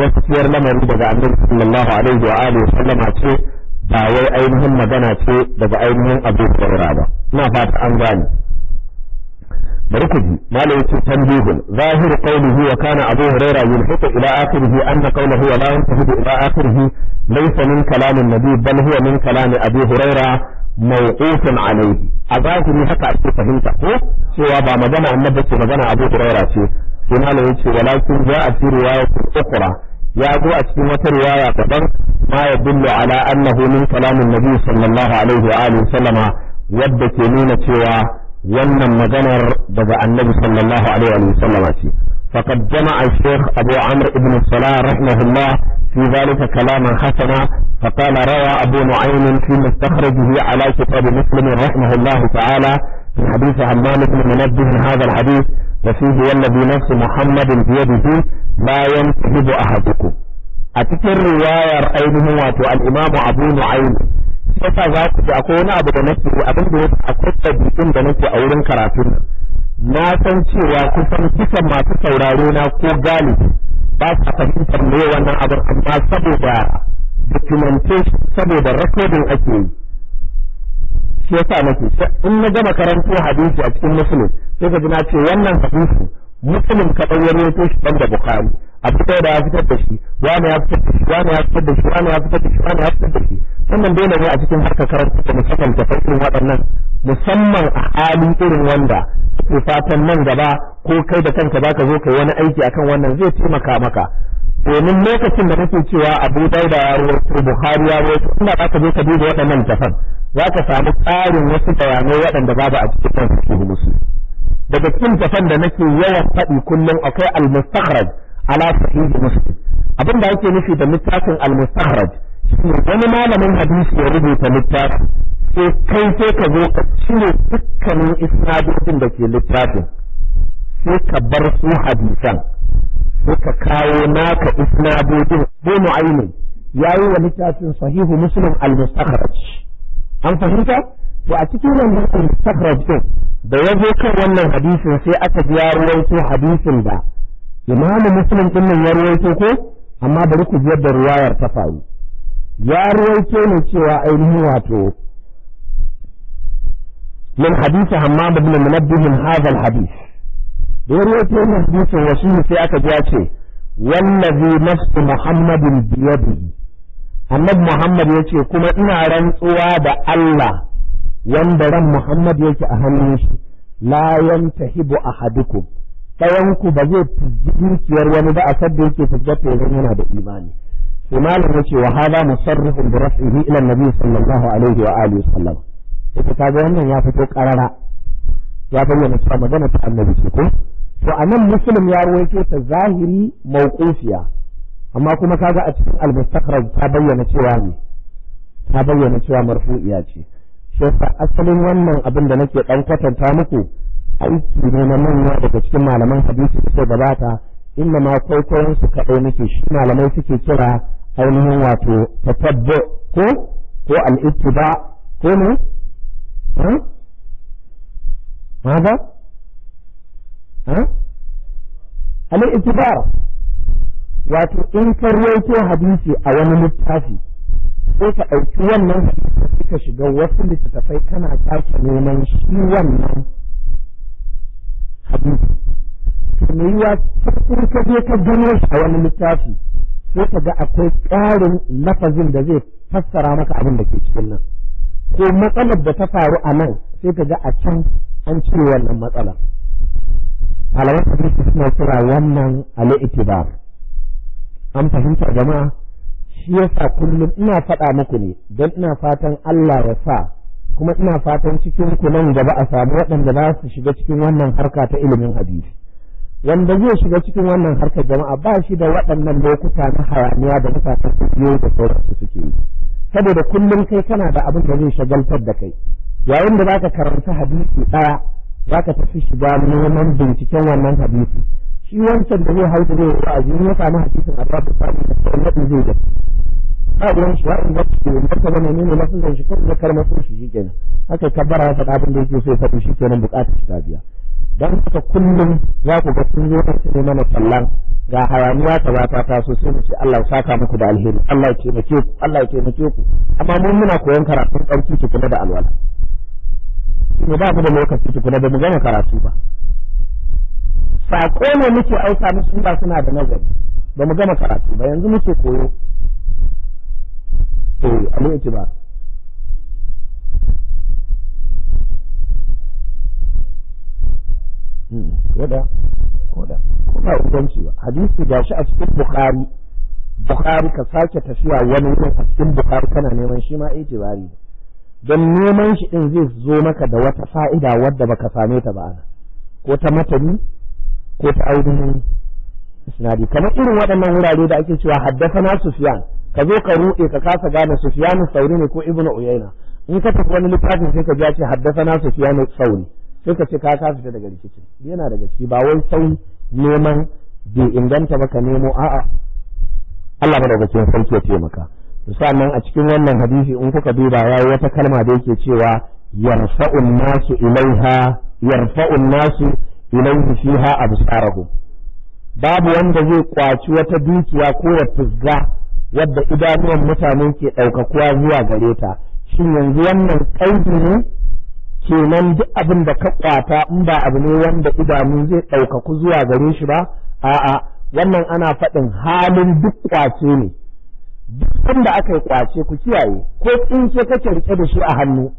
Speaker 1: gaskiyar lamari daga annabi sallallahu alaihi wa alihi wa sallama ce ba wai ainihin magana ce daga ainihin abu hurairah ba ina fata an gane bari ku ji malam yace tanbihun zahir qawlihi wa kana abu huraira yulhiqu ila akhirih anna qawluhu wa la yantahidu ila akhirih laysa min kalam an-nabi bal huwa min kalam abu hurairah mawqufun alayhi a zahiri haka ake fahimta ko cewa ba magana annabi ce magana abu huraira ce sai malam yace walakin ja'a fi riwayatin ukhra ya zo a cikin wata riwaya daban ma ya dullu ala annahu min kalamin nabi sallallahu alaihi wa alihi sallama wadda ke nuna cewa wannan maganar daga annabi sallallahu alaihi wa sallama ce faqad jama'a shaykh abu amr ibn salah rahimahullah في ذلك كلاما حسنا فقال روى أبو نعيم في مستخرجه على كتاب مسلم رحمه الله تعالى في حديث همام بن منبه هذا الحديث nasihu wallazi nafsu muhammadin bayan la yantibu ahadukum a cikin riwayar ainihin wato al-imamu abu nu'aym yasa za ku ji akwai wani abu da nake abin da yake akwai tabi'in da nake a wurin karatun na san cewa kusan kisan masu sauraro na ko galibi ba sa fahimtar me wannan abin amma saboda documentation saboda recording ake yi shi yasa nake in na gama karanto hadisi a cikin muslim sai ka ji na ce wannan hadisi muslim kaɗai ya rawaito shi ban da bukhari abu ɗaya da ya fitar da shi wani ya fitar da shi wani ya fitar da shi wani ya fitar da shi wani ya fitar da shi wannan dole ne a cikin harkar karanta da musamman tafsirin waɗannan musamman a halin irin wanda ke fatan nan gaba ko kai da kanka zaka zo kai wani aiki akan wannan zai taimaka maka domin lokacin da nake cewa Abu Dauda ya rawaito Buhari ya rawaito ina ka zo ka duba waɗannan jafan za ka samu tsarin wasu bayanai waɗanda babu a cikin kan da musu daga cikin tafan da nake yawan faɗi kullum akwai al-mustakhraj ala sahih muslim abin da ake nufi da littafin al-mustakhraj shine wani malamin hadisi ya rubuta littafi sai kai sai ka zo ka cire dukkanin isnadodin da ke littafin sai ka bar su hadisan sai ka kawo naka isnadodin ko mu'aymin yayi wa littafin sahihu muslim al-mustakhraj an fahimta da a cikin wannan mustakhraj din da ya kan wannan hadisin sai aka ji ya ruwaito hadisin da imamu muslim din nan ya ruwaito ko amma bari ku biyar da ruwayar ta faru ya ruwaito ne cewa ainihin wato min hadisi hammam ibn munabbih hadha hadith da ruwaito ne hadisin wasu sai aka ji ce wallazi nafsu muhammadin biyadihi annabi Muhammad ya ce kuma ina rantsuwa da Allah wanda ran Muhammad yake a hannun shi la yantahibu ahadukum ku ba zai fuzgi dukiyar wani ba a sadda yake fuzgata idan yana da imani sai malam ya ce wa hada musarrihun bi raf'ihi ila nabi sallallahu alaihi wa alihi wasallam yace kaga wannan ya fito karara ya bayyana cewa magana ta annabi ce ko to anan muslim ya ruwaito ta zahiri mawqufiya amma kuma kaga a cikin al-mustakhraj ta bayyana cewa ne ta bayyana cewa marfu'iya ce shi asalin wannan abin da nake dan kwatanta muku aiki ne na manya daga cikin malaman hadisi da suka gabata inda ma kwaikwayon su kaɗai nake shi malamai suke kira ainihin wato tatabbu ko ko al-ittiba ko ne ماذا؟ ها؟ wato in ka hadisi a wani littafi sai ka ɗauki wannan hadisi ka shiga wasu littattafai kana tashi neman shi wannan hadisi to me yiwa in ka je ka gano shi a wani littafi sai ka ga akwai ƙarin lafazin da zai fassara maka abin da ke cikin nan ko matsalar da ta faru a nan sai ka ga a can an cire wannan matsalar malaman hadisi suna kira wannan al an fahimta jama'a shi yasa kullum ina faɗa muku ne don ina fatan Allah ya sa kuma ina fatan cikin ku nan gaba a samu waɗanda za su shiga cikin wannan harka ta ilimin hadisi wanda zai shiga cikin wannan harkar jama'a ba shi da waɗannan lokuta na hayaniya da su biyo da sauransu suke yi saboda kullum kai kana da abin da zai shagaltar da kai yayin da ka karanta hadisi ɗaya ka tafi shiga neman binciken wannan hadisi shi wancan da zai haihu zai wa azumi ya samu hadisin a babu sami da sauran zai da ba ruwan shi wa'in ba su ke ka bane ne lafazan shi ko da kalmatin shi shi kenan haka kabbara abin da yake so ya faɗi shi kenan buƙatar shi ta biya don haka kullum za ku ga sun zo su ne mana sallan ga hayaniya ta wata ta so sai mu ce Allah ya saka muku da alheri Allah ya taimake ku Allah ya taimake ku amma mun muna koyon karatun tsarki kula da alwala ne ba mu da lokaci tukuna da mu gama karatu ba sako ne muke ausa musu ba suna da nazari ba mu gama karatu ba yanzu muke koyo eh alu yake ba koda hmm, koda kuma ubanci ba hadisi gashi a cikin bukhari bukhari ka sake tafiya wani wurin a cikin bukhari kana neman shi ma itibari don neman shi in zai zo maka da wata fa'ida wadda baka same ta ba ana ko ta matani ko ta ainihin isnadi kamar irin waɗannan wurare da ake cewa haddasa na sufiyan ka zo ka ruɗe ka kasa gane sufyan sauri ne ko ibnu uyaina in ka tafi wani littafin sai ka ji ce haddasana sufyan sauri sai ka ce ka kasa fita daga rikici yana daga ciki ba wai sauri neman bai inganta ba ka nemo a'a Allah madaukakin sarki ya taimaka sannan a cikin wannan hadisi in kuka duba yayi wata kalma da yake cewa yarfa'un nasu ilaiha yarfa'un nasu ilaihi fiha absarahum babu wanda zai kwaci wata dukiya ko wata wadda idanuwan mutane ke ɗaukakuwa zuwa gare ta shin yanzu wannan kaidi ne kenan duk abin da ka kwata in ba abu ne wanda idanu zai ɗaukaku zuwa gare shi ba a'a wannan ana faɗin halin duk kwace ne duk wanda aka yi kwace ku kiyaye ko ke kake rike da shi a hannu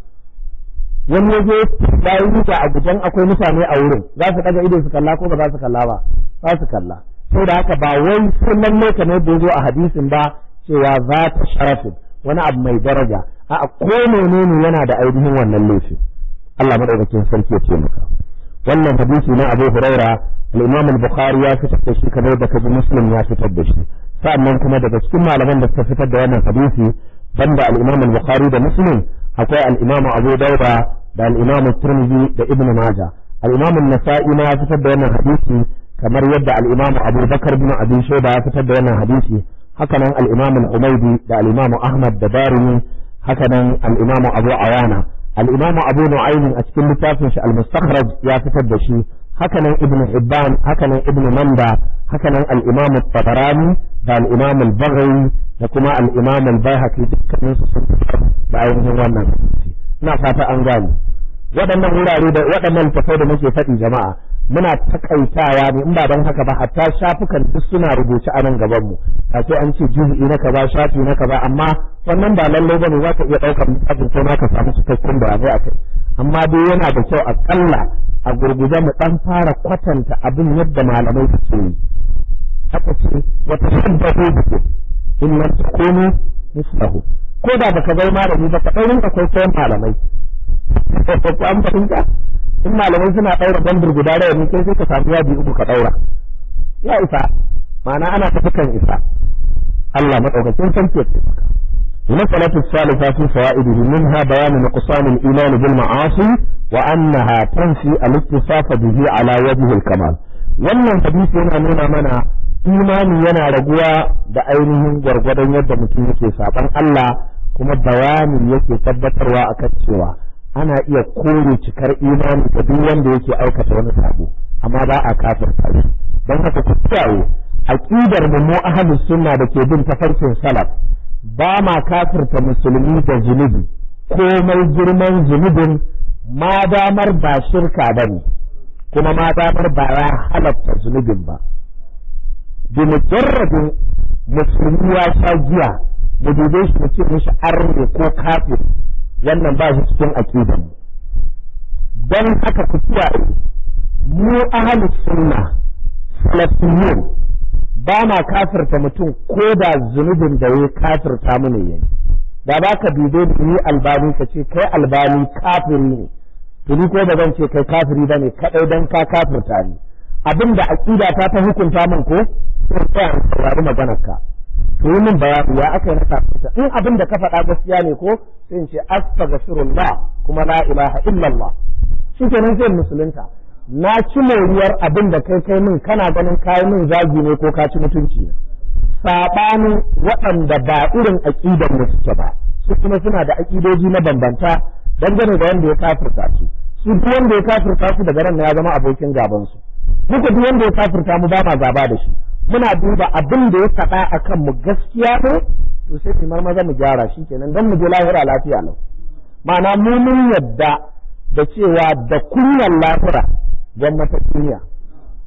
Speaker 1: wani ya je bayan a gujan akwai mutane a wurin za su ɗaga ido su kalla ko ba za su kalla ba za su kalla da haka ba wai sunan ne kamar da zo a hadisin ba cewa za ta sharafi wani abu mai daraja a ko menene yana da ainihin wannan laifi Allah madaukakin sarki ya taimaka wannan hadisi na Abu Huraira al-Imam al-Bukhari ya fitar da shi kamar da kaji Muslim ya fitar da shi sa'annan kuma daga cikin malaman da suka fitar da wannan hadisi banda al-Imam al-Bukhari da Muslim akwai al abu dauda da al'imamin imamu turmizi da ibnu maja al nasa'i ma ya fitar da wannan hadisi kamar yadda al abu bakar bin abi shoba ya fitar da wannan hadisi haka nan al-imamu da al ahmad da darimi haka nan al abu awana al abu nu'aymin a cikin littafin shi al-mustakhraj ya fitar da shi hakanan ibn hibban hakanan ibn manda hakanan al-imam at-tabarani da al-imam al-baghawi da kuma al-imam al-baihaqi dukkanin su sun fitar da ainihin wannan ina fata an gane waɗannan wurare da waɗannan tafai da muke faɗi jama'a muna takaitawa ne in ba don haka ba hatta shafukan duk suna rubuce a nan gabanmu. mu ba sai an ce juz'i na kaza shafi na kaza amma wannan ba lallai bane za ka iya ɗaukar littafin ko ma ka samu cikakken bayanai a kai amma dai yana da kyau akalla a gurguje mu dan fara kwatanta abin yadda malamai suke yi haka ce wata shabba ko buku in lam takunu mislahu ko da baka ga malami ba ka ɗan rinka kwaikwayon malamai ko ko an fahimta in malamai suna daura bandur guda da yanzu kai sai ka samu yadi uku ka daura ya isa ma'ana ana tafi kan isa Allah madaukakin sarki ya taimaka المسألة الثالثة في فوائده منها بيان نقصان الإيمان بالمعاصي wa annaha tanfi al-ittifaq bihi ala wajhi al-kamal wannan hadisi yana nuna mana imani yana raguwa da ainihin gwargwadon yadda mutum yake saban Allah kuma bayanin yake tabbatarwa akan cewa ana iya kore cikar imani ga duk wanda yake aikata wani sabo amma ba a kafirta shi don haka ku tsaye aqidar mu mu ahlus sunna da ke bin tafarkin salaf ba ma kafirta musulmi da zunubi komai girman zunubin ma damar ba shirka ba ne kuma ma damar ba ya halatta zunubin ba bi mujarrabin musulmi ya sha giya mu dube shi mu ce mishi arne ko kafin wannan ba shi cikin aƙidar mu don haka ku kiyaye mu ahlus sunna salafiyun ba na kafirta mutum ko da zunubin da ya kafirta mu ne yayi da ba ka dube ni albani ka ce kai albani kafiri ne tuni ko ba zan ce kai kafiri ba ne kaɗai don ka kafirta ni abin da aƙida ta ta hukunta min ko sun tsaya in saurari maganar ka to yi min bayani ya aka yi na kafirta in abin da ka faɗa gaskiya ne ko sai in ce astaghfirullah kuma la ilaha illallah shi nan zai musulunta na ci moriyar abin da kai kai min kana ganin kayi min zagi ne ko ka ci mutunci ne saɓanin waɗanda ba irin aƙidar mu suke ba su kuma suna da aƙidoji don dangane da wanda ya kafirta su su duk wanda ya kafirta su daga ran ya zama abokin gabansu su duka duk wanda ya kafirta mu ba ma gaba da shi muna duba abin da ya faɗa akan mu gaskiya ne to sai kimar maza mu gyara shi kenan don mu je lahira lafiya lau ma'ana mu mun yadda da cewa da kunyar lahira gwamnatin duniya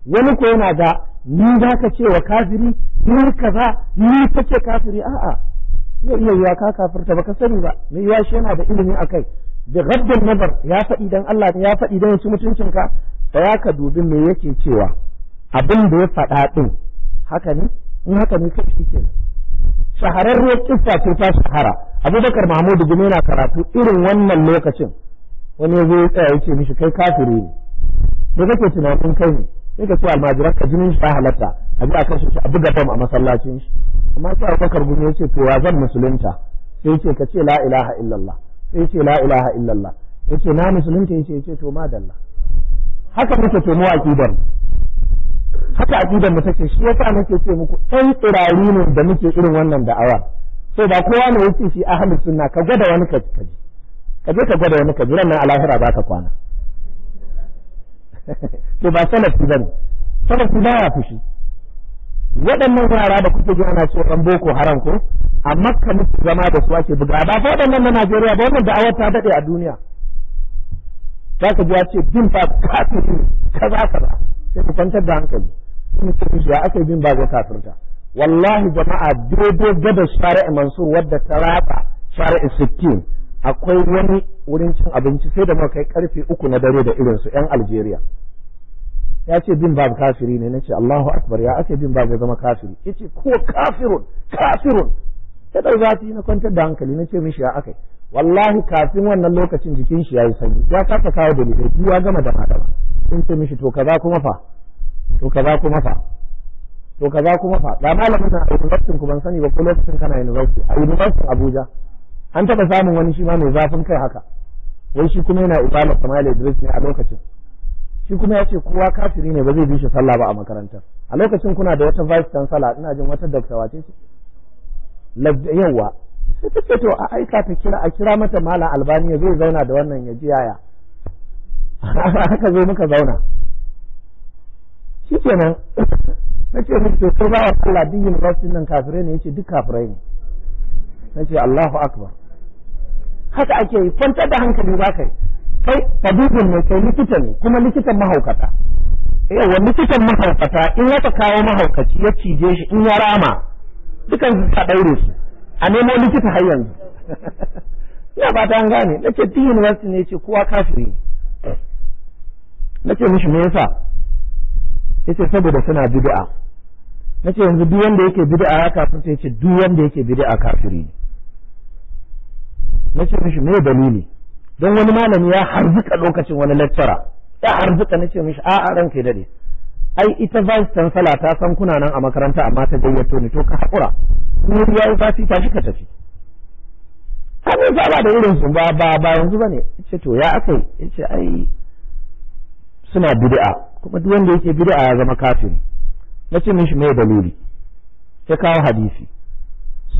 Speaker 1: wani ko yana ga ni za ka ce wa kafiri ka kaza ni ce kafiri a'a ya iya yiwa ka kafirta ka sani ba mai yiwa shi yana da ilimi akai da rabbin nabar ya faɗi don Allah ya faɗi ya ci mutuncinka. Da ya ka dubi me yake cewa abin da ya faɗa ɗin haka ne in haka ne kai ke Shahararren kissa ce ta shahara Abubakar Mahmudu gume na karatu irin wannan lokacin wani ya zo ya tsaya ya ce mishi kai kafiri ne da kake tunanin kai ne sai ka ce almajiran ka jinin shi ta halatta a ji a kan shi a buga fam a masallacin shi amma sai abubakar gumi ya ce to wa zan musulunta sai ce ka ce la ilaha illallah sai ce la ilaha illallah ya ce na musulunta ya ce ya ce to madalla haka muke to mu aqidar haka aqidar mu take shi yasa nake ce muku ɗan tsirari ne da muke irin wannan da'awa sai ba kowa ne yake shi ahlus sunna ka gwada wani ka ji ka je ka gwada wani ka ji ran nan alahira ba ka kwana to ba salafi bane salafi ba ya fushi waɗannan yara da kuke ji ana cewa ɗan boko haram ko a makka muke zama da su ake buga ba fa waɗannan na Najeriya ba wannan da'awar ta daɗe a duniya za ka ji ya ce bin ba kafiri ka ba sai ku kwantar da hankali sun ce ya ake bin ba ga kafirta wallahi jama'a daidai gaba shari'a mansur wadda ta raba shari'a sittin akwai wani wurin cin abinci sai da muka kai karfe uku na dare da irinsu yan Algeria ya ce bin babu kafiri ne na ce Allahu akbar ya ake bin babu zama kafiri ya ce ko kafirun kafirun ya ɗau zafi na kwantar da hankali na ce mishi ya akai wallahi kafin wannan lokacin jikin shi ya yi sanyi ya kafa kawo dalilai biyu ya gama da dama sun ce mishi to kaza kuma fa to kaza kuma fa to kaza kuma fa da malamin na a university ku ban sani ba ko lokacin kana university a university Abuja an taɓa samun wani shi ma mai zafin kai haka wai shi kuma yana ubala Kamal Idris ne a lokacin shi kuma ya ce kowa kafiri ne ba zai bi shi sallah ba a makarantar a lokacin kuna da wata vice chancellor ina jin wata doctor wace ce yawa sai ta ce to a aika ta kira a kira mata malam albani zai zauna da wannan ya ji yaya haka zo muka zauna shi kenan na ce mu to ko ba wa Allah duk university nan kafirai ne yace duk kafirai ne na ce Allahu akbar haka ake yi kwantar da hankali ba kai kai tabibin ne kai likita ne kuma likitan mahaukata yawa likitan mahaukata in ya kawo mahaukaci ya cije shi in ya rama dukan su ta daure su a nemo likita har yanzu ina ba ta gane nace tihin wasu ne ce kowa kafiri ce mishi me yasa yace saboda suna bid'a ce yanzu duk wanda yake bid'a ya kafirce yace duk wanda yake bid'a kafiri ne na ce mishi me dalili don wani malami ya harzuka lokacin wani lecturer ya harzuka na ce mishi a'a ranka dade ai ita vice chancellor ta san kuna nan a makaranta amma ta gayyato ni to ka hakura ya yi fasi ta shi ka tafi abin ba da irin su ba ba ba yanzu bane ce to ya akai ce ai suna bid'a kuma duk wanda yake bid'a ya zama kafiri ce mishi me dalili ta kawo hadisi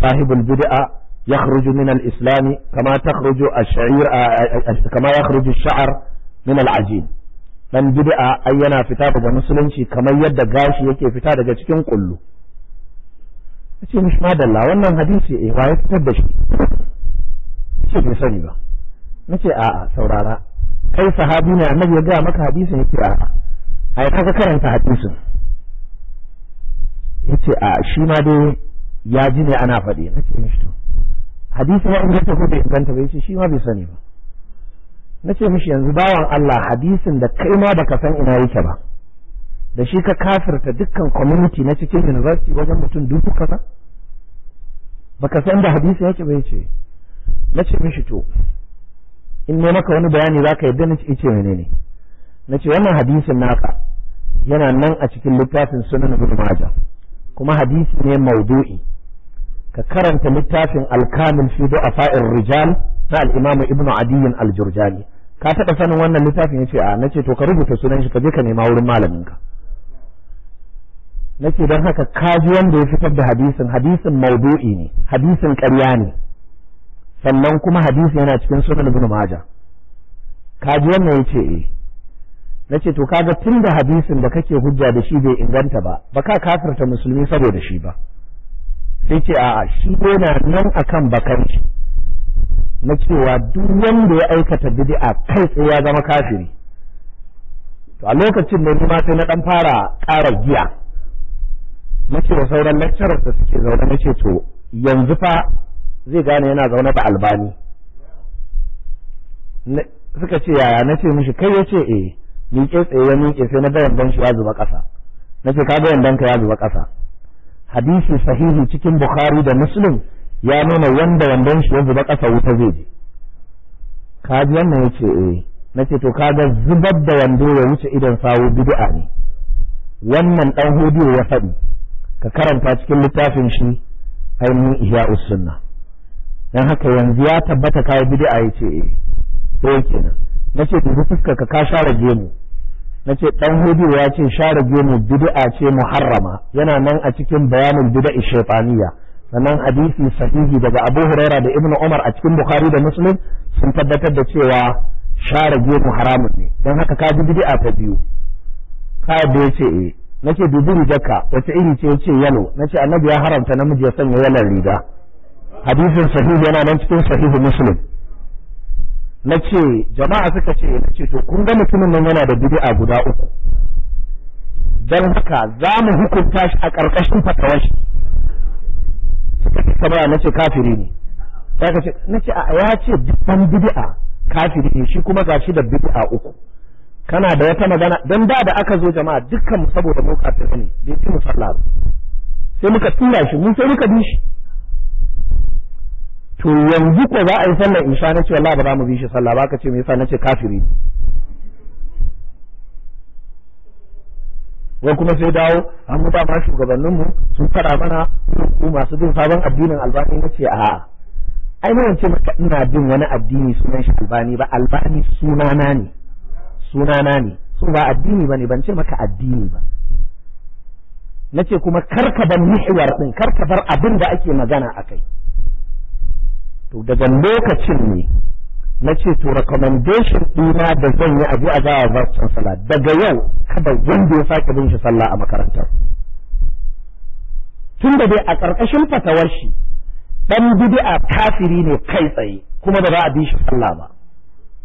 Speaker 1: sahibul bid'a يخرج من الإسلام كما تخرج الشعير كما يخرج الشعر من العجين dan bid'a ai yana fita daga musulunci kamar yadda gashi yake fita daga cikin kullu yace mishi madalla wannan hadisi eh wa ya fitar da shi ce bai sani ba nace a'a saurara kai sahabi ne annabi ya gaya maka hadisin yake a'a ai kaga karanta hadisin yace a shi ma dai ya ji ne ana faɗi nace mishi to hadisi ya inganta ko bai inganta bai ce shi ma bai sani ba na ce mishi yanzu bawan Allah hadisin da kai ma baka san ina yake ba da shi ka kafirta dukkan community na cikin university wajen mutum dubu kaza baka san da hadisi yake bai ce na ce mishi to in ne maka wani bayani zaka yadda na ce menene na ce wannan hadisin naka yana nan a cikin littafin sunan ibn majah kuma hadisi ne maudu'i ka karanta littafin alkamil fi du'afa'ir rijal na al-imamu ibnu adiyyin al-jurjani ka taɓa sanin wannan littafin yace a nace to ka rubuta sunan shi ka je ka nema wurin malamin ka nace don haka kaji wanda ya fitar da hadisin hadisin maudu'i ne hadisin ƙarya ne sannan kuma hadisin yana cikin sunan ibn maja ji wannan yace eh nace to kaga tunda hadisin da kake hujja da shi bai inganta ba baka kafirta musulmi saboda shi ba sai ce a shi yana nan akan bakanci na cewa duk wanda ya aikata bid'a kai tsaye ya zama kafiri to a lokacin da ma sai na dan fara ƙara giya na cewa sauran lecturers da suke zaune na ce to yanzu fa zai gane yana zaune da albani suka ce yaya na ce mishi kai ya ce eh miƙe tsaye ya miƙe sai na bayan dan shi ya zuba ƙasa na ce ka bayan ka ya zuba ƙasa hadisi sahihi cikin bukhari da muslim ya nuna wanda wandon shi ya zuba ƙasa wuta zai je kaji wannan ya ce eh na ce to kaga zubar da wando ya wuce idan sawo bid'a ne wannan dan hudu ya faɗi ka karanta cikin littafin shi ainihin ihya usunna dan haka yanzu ya tabbata kai bid'a ya ce eh to kenan na ce to ka ka share gemu na ce ɗan hudu ya ce share gemu bid'a ce muharrama yana nan a cikin bayanin bid'a shaytaniya sannan hadisi sahihi daga Abu Huraira da Ibn Umar a cikin Bukhari da Muslim sun tabbatar da cewa share gemu haramun ne don haka ka ji bid'a ta biyu ka da ce eh nace dubi rigarka wace iri ce yace yalo nace annabi ya haramta namiji ya sanya yalan riga hadisin sahihi yana nan cikin sahihi Muslim na ce jama'a suka ce na ce to kun ga mutumin nan yana da bid'a guda uku Dan haka za mu hukunta shi a ƙarƙashin fatawar shi suka kamar na ce kafiri ne sai ka ce na ce a ya ce dan bid'a kafiri ne shi kuma gashi da bid'a uku kana da wata magana dan da da aka zo jama'a dukkan mu saboda mu kafiri ne bai ci musalla sai muka tura shi mun sai muka bi shi to yanzu ko za a yi sallar isha nace wallahi ba za mu bi shi sallah ba ka ce me yasa nace kafiri wai kuma sai dawo an mu dama shugabanninmu sun fara mana ku masu bin sabon addinin albani nace a. ai mun ce maka ina bin wani addini sunan shi albani ba albani sunana ne sunana ne su ba addini bane ban ce maka addini ba nace kuma karka ban mihwar din karka bar abin da ake magana akai to daga lokacin ne na ce to recommendation ɗina da zan yi abu a gawa ba su sallah daga yau kada wanda ya sake bin shi sallah a makarantar tun da dai a ƙarƙashin fatawar shi ɗan bid'a kafiri ne kai tsaye kuma ba za a bi shi sallah ba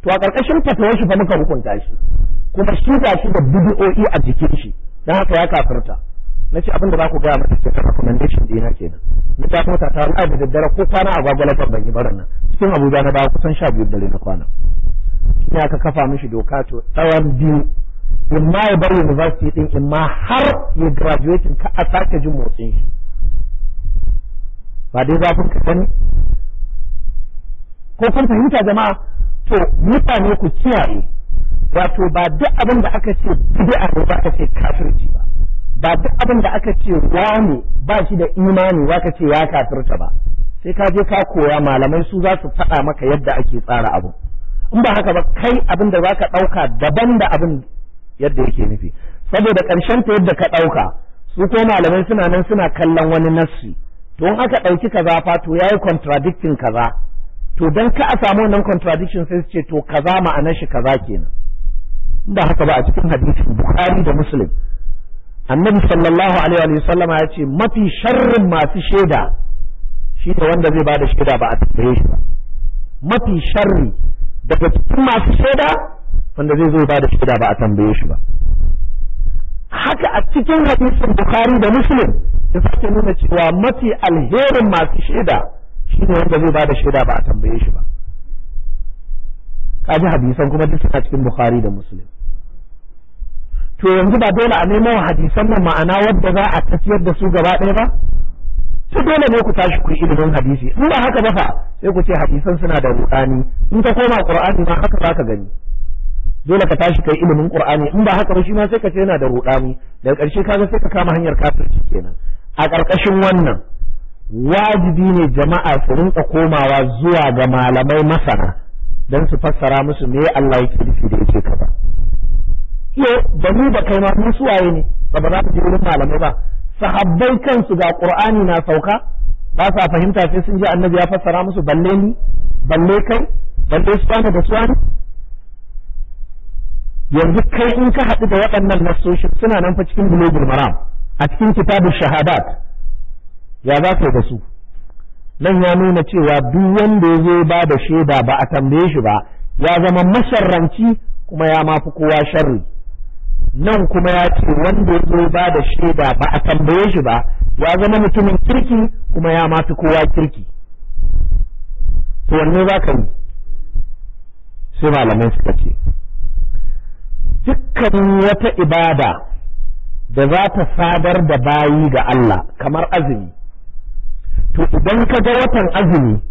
Speaker 1: to a ƙarƙashin fatawar shi fa muka hukunta shi kuma shi ga shi da bid'o'i a jikin shi don haka ya kafirta na ce abin da za ku gaya mata ce kan recommendation dina kenan na ta kuma ta ruwa da daddare ko kwana a gwagwala ban yi baran nan cikin abuja na dawo kusan sha biyu dare na kwana ina aka kafa mishi doka to tsawon biyu in ma ya bar university din in ma har ya graduate ka a sake jin motsin shi ba dai zafin ka sani ko kun fahimta jama'a to mutane ku kiyaye wato ba duk abin da aka ce bid'a ne ba aka ce kafirci ba duk abin da aka ce wani ba shi da imani za ka ce ya kafirta ba sai ka je ka koya malamai su za su faɗa maka yadda ake tsara abu in ba haka ba kai abin da za ka ɗauka daban da abin yadda yake nufi saboda karshen ta yadda ka ɗauka su ko malamai suna nan suna kallon wani nassi to in aka ɗauki kaza fa to yayi contradicting kaza to dan ka a samu wannan contradiction sai su ce to kaza ma'anar shi kaza kenan in ba haka ba a cikin hadisin Bukhari da Muslim annabi sallallahu alaihi wa sallam ya ce mafi sharrin masu shaida shi ne wanda zai bada shaida ba a tambaye shi ba mafi sharri daga cikin masu shaida wanda zai zo ba da shaida ba a tambaye shi ba haka a cikin hadisin bukhari da muslim da suke nuna cewa mafi alherin masu shaida ne wanda zai ba da shaida ba a tambaye shi ba kaji hadisan kuma duk suna cikin bukhari da muslim to yanzu ba dole a nemo hadisan nan ma'ana wadda za a tafiyar da su gaba ɗaya ba su dole ne ku tashi ku yi ilimin hadisi in ba haka ba fa sai ku ce hadisan suna da ruɗani in ka koma qur'ani ma haka ka gani dole ka tashi kai ilimin qur'ani in ba haka ba shi ma sai ka ce yana da ruɗani daga ƙarshe kaga sai ka kama hanyar kafirci kenan a ƙarƙashin wannan wajibi ne jama'a su rinƙa komawa zuwa ga malamai masana don su fassara musu me Allah yake nufi da yake kaza yo da mu ba kai ma mu suwaye ne ba ba za ku ji wurin malamai ba sahabbai kansu ga ƙur'ani na sauka ba sa fahimta sai sun ji annabi ya fassara musu balle ni balle kai balle su da su yanzu kai in ka haɗu da waɗannan nasoshi suna nan fa cikin bulogul maram a cikin kitabun shahadat ya za ka yi da su nan ya nuna cewa duk wanda ya zo ba da shaida ba a tambaye shi ba ya zama masharranci kuma ya mafi kowa sharri nan kuma ya ce wanda ya ba da shaida ba a tambaye shi ba ya zama mutumin kirki kuma ya mafi kowa kirki to wanne za ka yi sai malamai suka ce dukkan wata ibada da za ta sadar da bayi ga Allah kamar azumi to idan ka ga watan azumi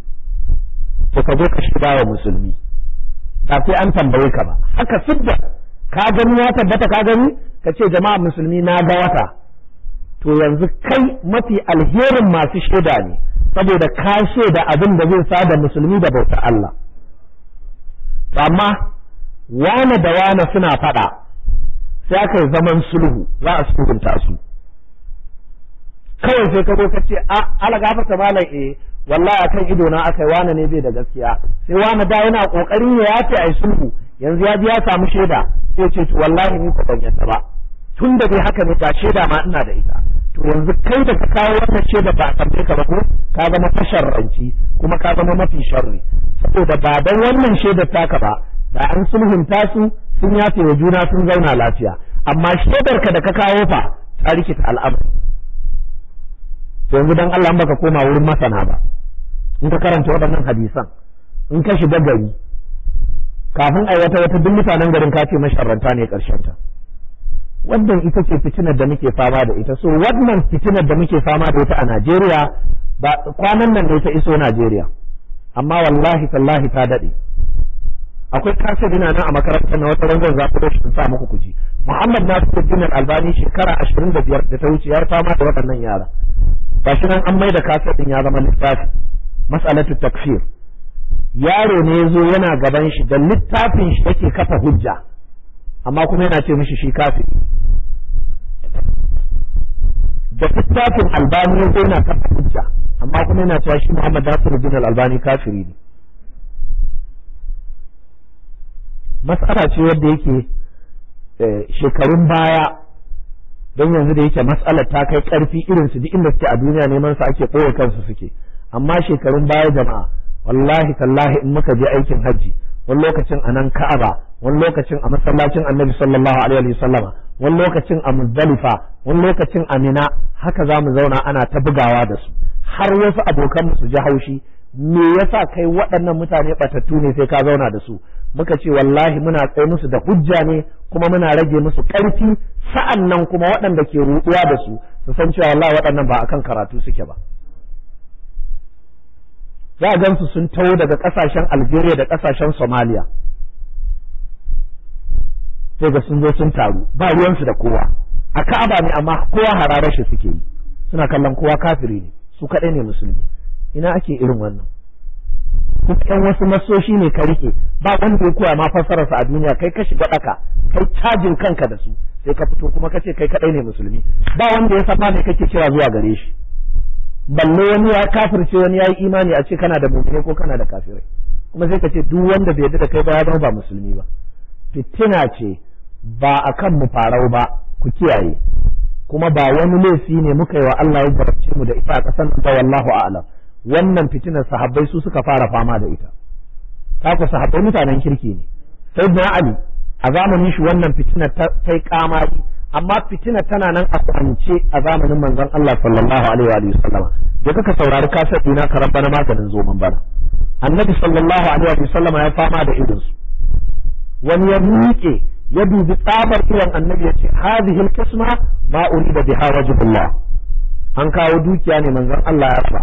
Speaker 1: to ka zo ka shiga wa musulmi ba sai an tambaye ka ba haka sidda ka gani ya tabbata ka gani ka ce jama'a musulmi na ga wata to yanzu kai mafi alherin masu shaida ne saboda ka shaida abin da zai sa da musulmi da bauta Allah amma wane da wane suna faɗa sai aka yi zaman sulhu za a sulhunta su kawai sai ka zo ka ce a ta malam eh wallahi akan ido na aka yi wane ne bai da gaskiya sai wane da yana kokarin ya ya a ai sulhu yanzu ya biya samu shaida sai ce to wallahi ni ko ban ba tun da dai haka ne ga shaida ma ina da ita to yanzu kai da ka kawo wannan shaida ba a tambaye ka ba ko ka zama fasharranci kuma ka zama mafi sharri saboda ba dan wannan shaidar ka ba da an sulhunta su sun yafe wa juna sun zauna lafiya amma shedar ka da ka kawo fa ta rikita al'amari to yanzu dan Allah baka koma wurin masana ba in ka karanta waɗannan hadisan in ka shiga gari kafin a wata wata duk mutanen garin ka ce masharranta ne karshen ta wannan ita ce fitinar da muke fama da ita so wannan fitinar da muke fama da ita a Najeriya ba kwanan nan ne ta iso Najeriya amma wallahi tallahi ta dade akwai kasa dina nan a makarantar na wata rangon za ku shi sa muku kuji Muhammad Nasiruddin Albani shekara 25 da ta wuce ya fama da waɗannan yara ba shi nan an mai da kasa din ya zama littafi mas'alatu takfir yaro ne ya zo yana gaban shi da littafin shi yake kafa hujja amma kuma yana ce mishi shi kafin da littafin albani ya zo yana kafa hujja amma kuma yana cewa shi muhammad nasiru bin albani kafiri ne mas'ala ce wadda yake eh, shekarun baya don yanzu da yake mas'alar ta kai karfi irinsu duk inda suke a duniya neman su ake kowa kansu suke amma shekarun baya jama'a wallahi tallahi in muka je aikin hajji wani lokacin a nan ka'aba wani lokacin a masallacin annabi sallallahu alaihi wa sallama wani lokacin a muzalifa wani lokacin a mina haka za mu zauna ana ta bugawa da su har wasu abokan su ji haushi me yasa kai waɗannan mutane batattu ne sai ka zauna da su muka ce wallahi muna tsaye musu da hujja ne kuma muna rage musu ƙarfi sa'an nan kuma waɗanda ke ruɗuwa da su su san cewa wallahi waɗannan ba akan karatu suke ba za a gansu sun taho daga kasashen Algeria da kasashen Somalia sai ga sun zo sun taru ba ruwansu da kowa a Ka'aba ne amma kowa hararar shi suke yi suna kallon kowa kafiri ne su kaɗai ne musulmi ina ake irin wannan 'yan wasu masoshi ne ka rike ba wanda ya koya ma fassararsa a duniya kai ka shiga ɗaka kai cajin kanka da su sai ka fito kuma ka ce kai kaɗai ne musulmi ba wanda ya san ma kake kira zuwa gare shi balle wani ya kafirce wani ya yi imani a ce kana da mutane ko kana da kafirai kuma sai ka ce duk wanda bai yarda da kai ba ya ba musulmi ba fitina ce ba a kan mu farau ba ku kiyaye kuma ba wani laifi ne muka yi wa Allah ya barce mu da ita a kasan ta wallahu a'ala. wannan fitinar sahabbai su suka fara fama da ita kaku sahabbai mutanen kirki ne sai na ali a zamanin shi wannan fitinar ta kai kamari amma fitina tana nan a kwance a zamanin manzon Allah sallallahu alaihi wa sallama da kaka saurari kasar dina karan bana maganin zoman bana annabi sallallahu alaihi wa sallama ya fama da irin su wani ya miƙe ya dubi tsabar irin annabi ya ce hadhihi alqisma ma urida biha wajibullah an kawo dukiya ne manzon Allah ya ba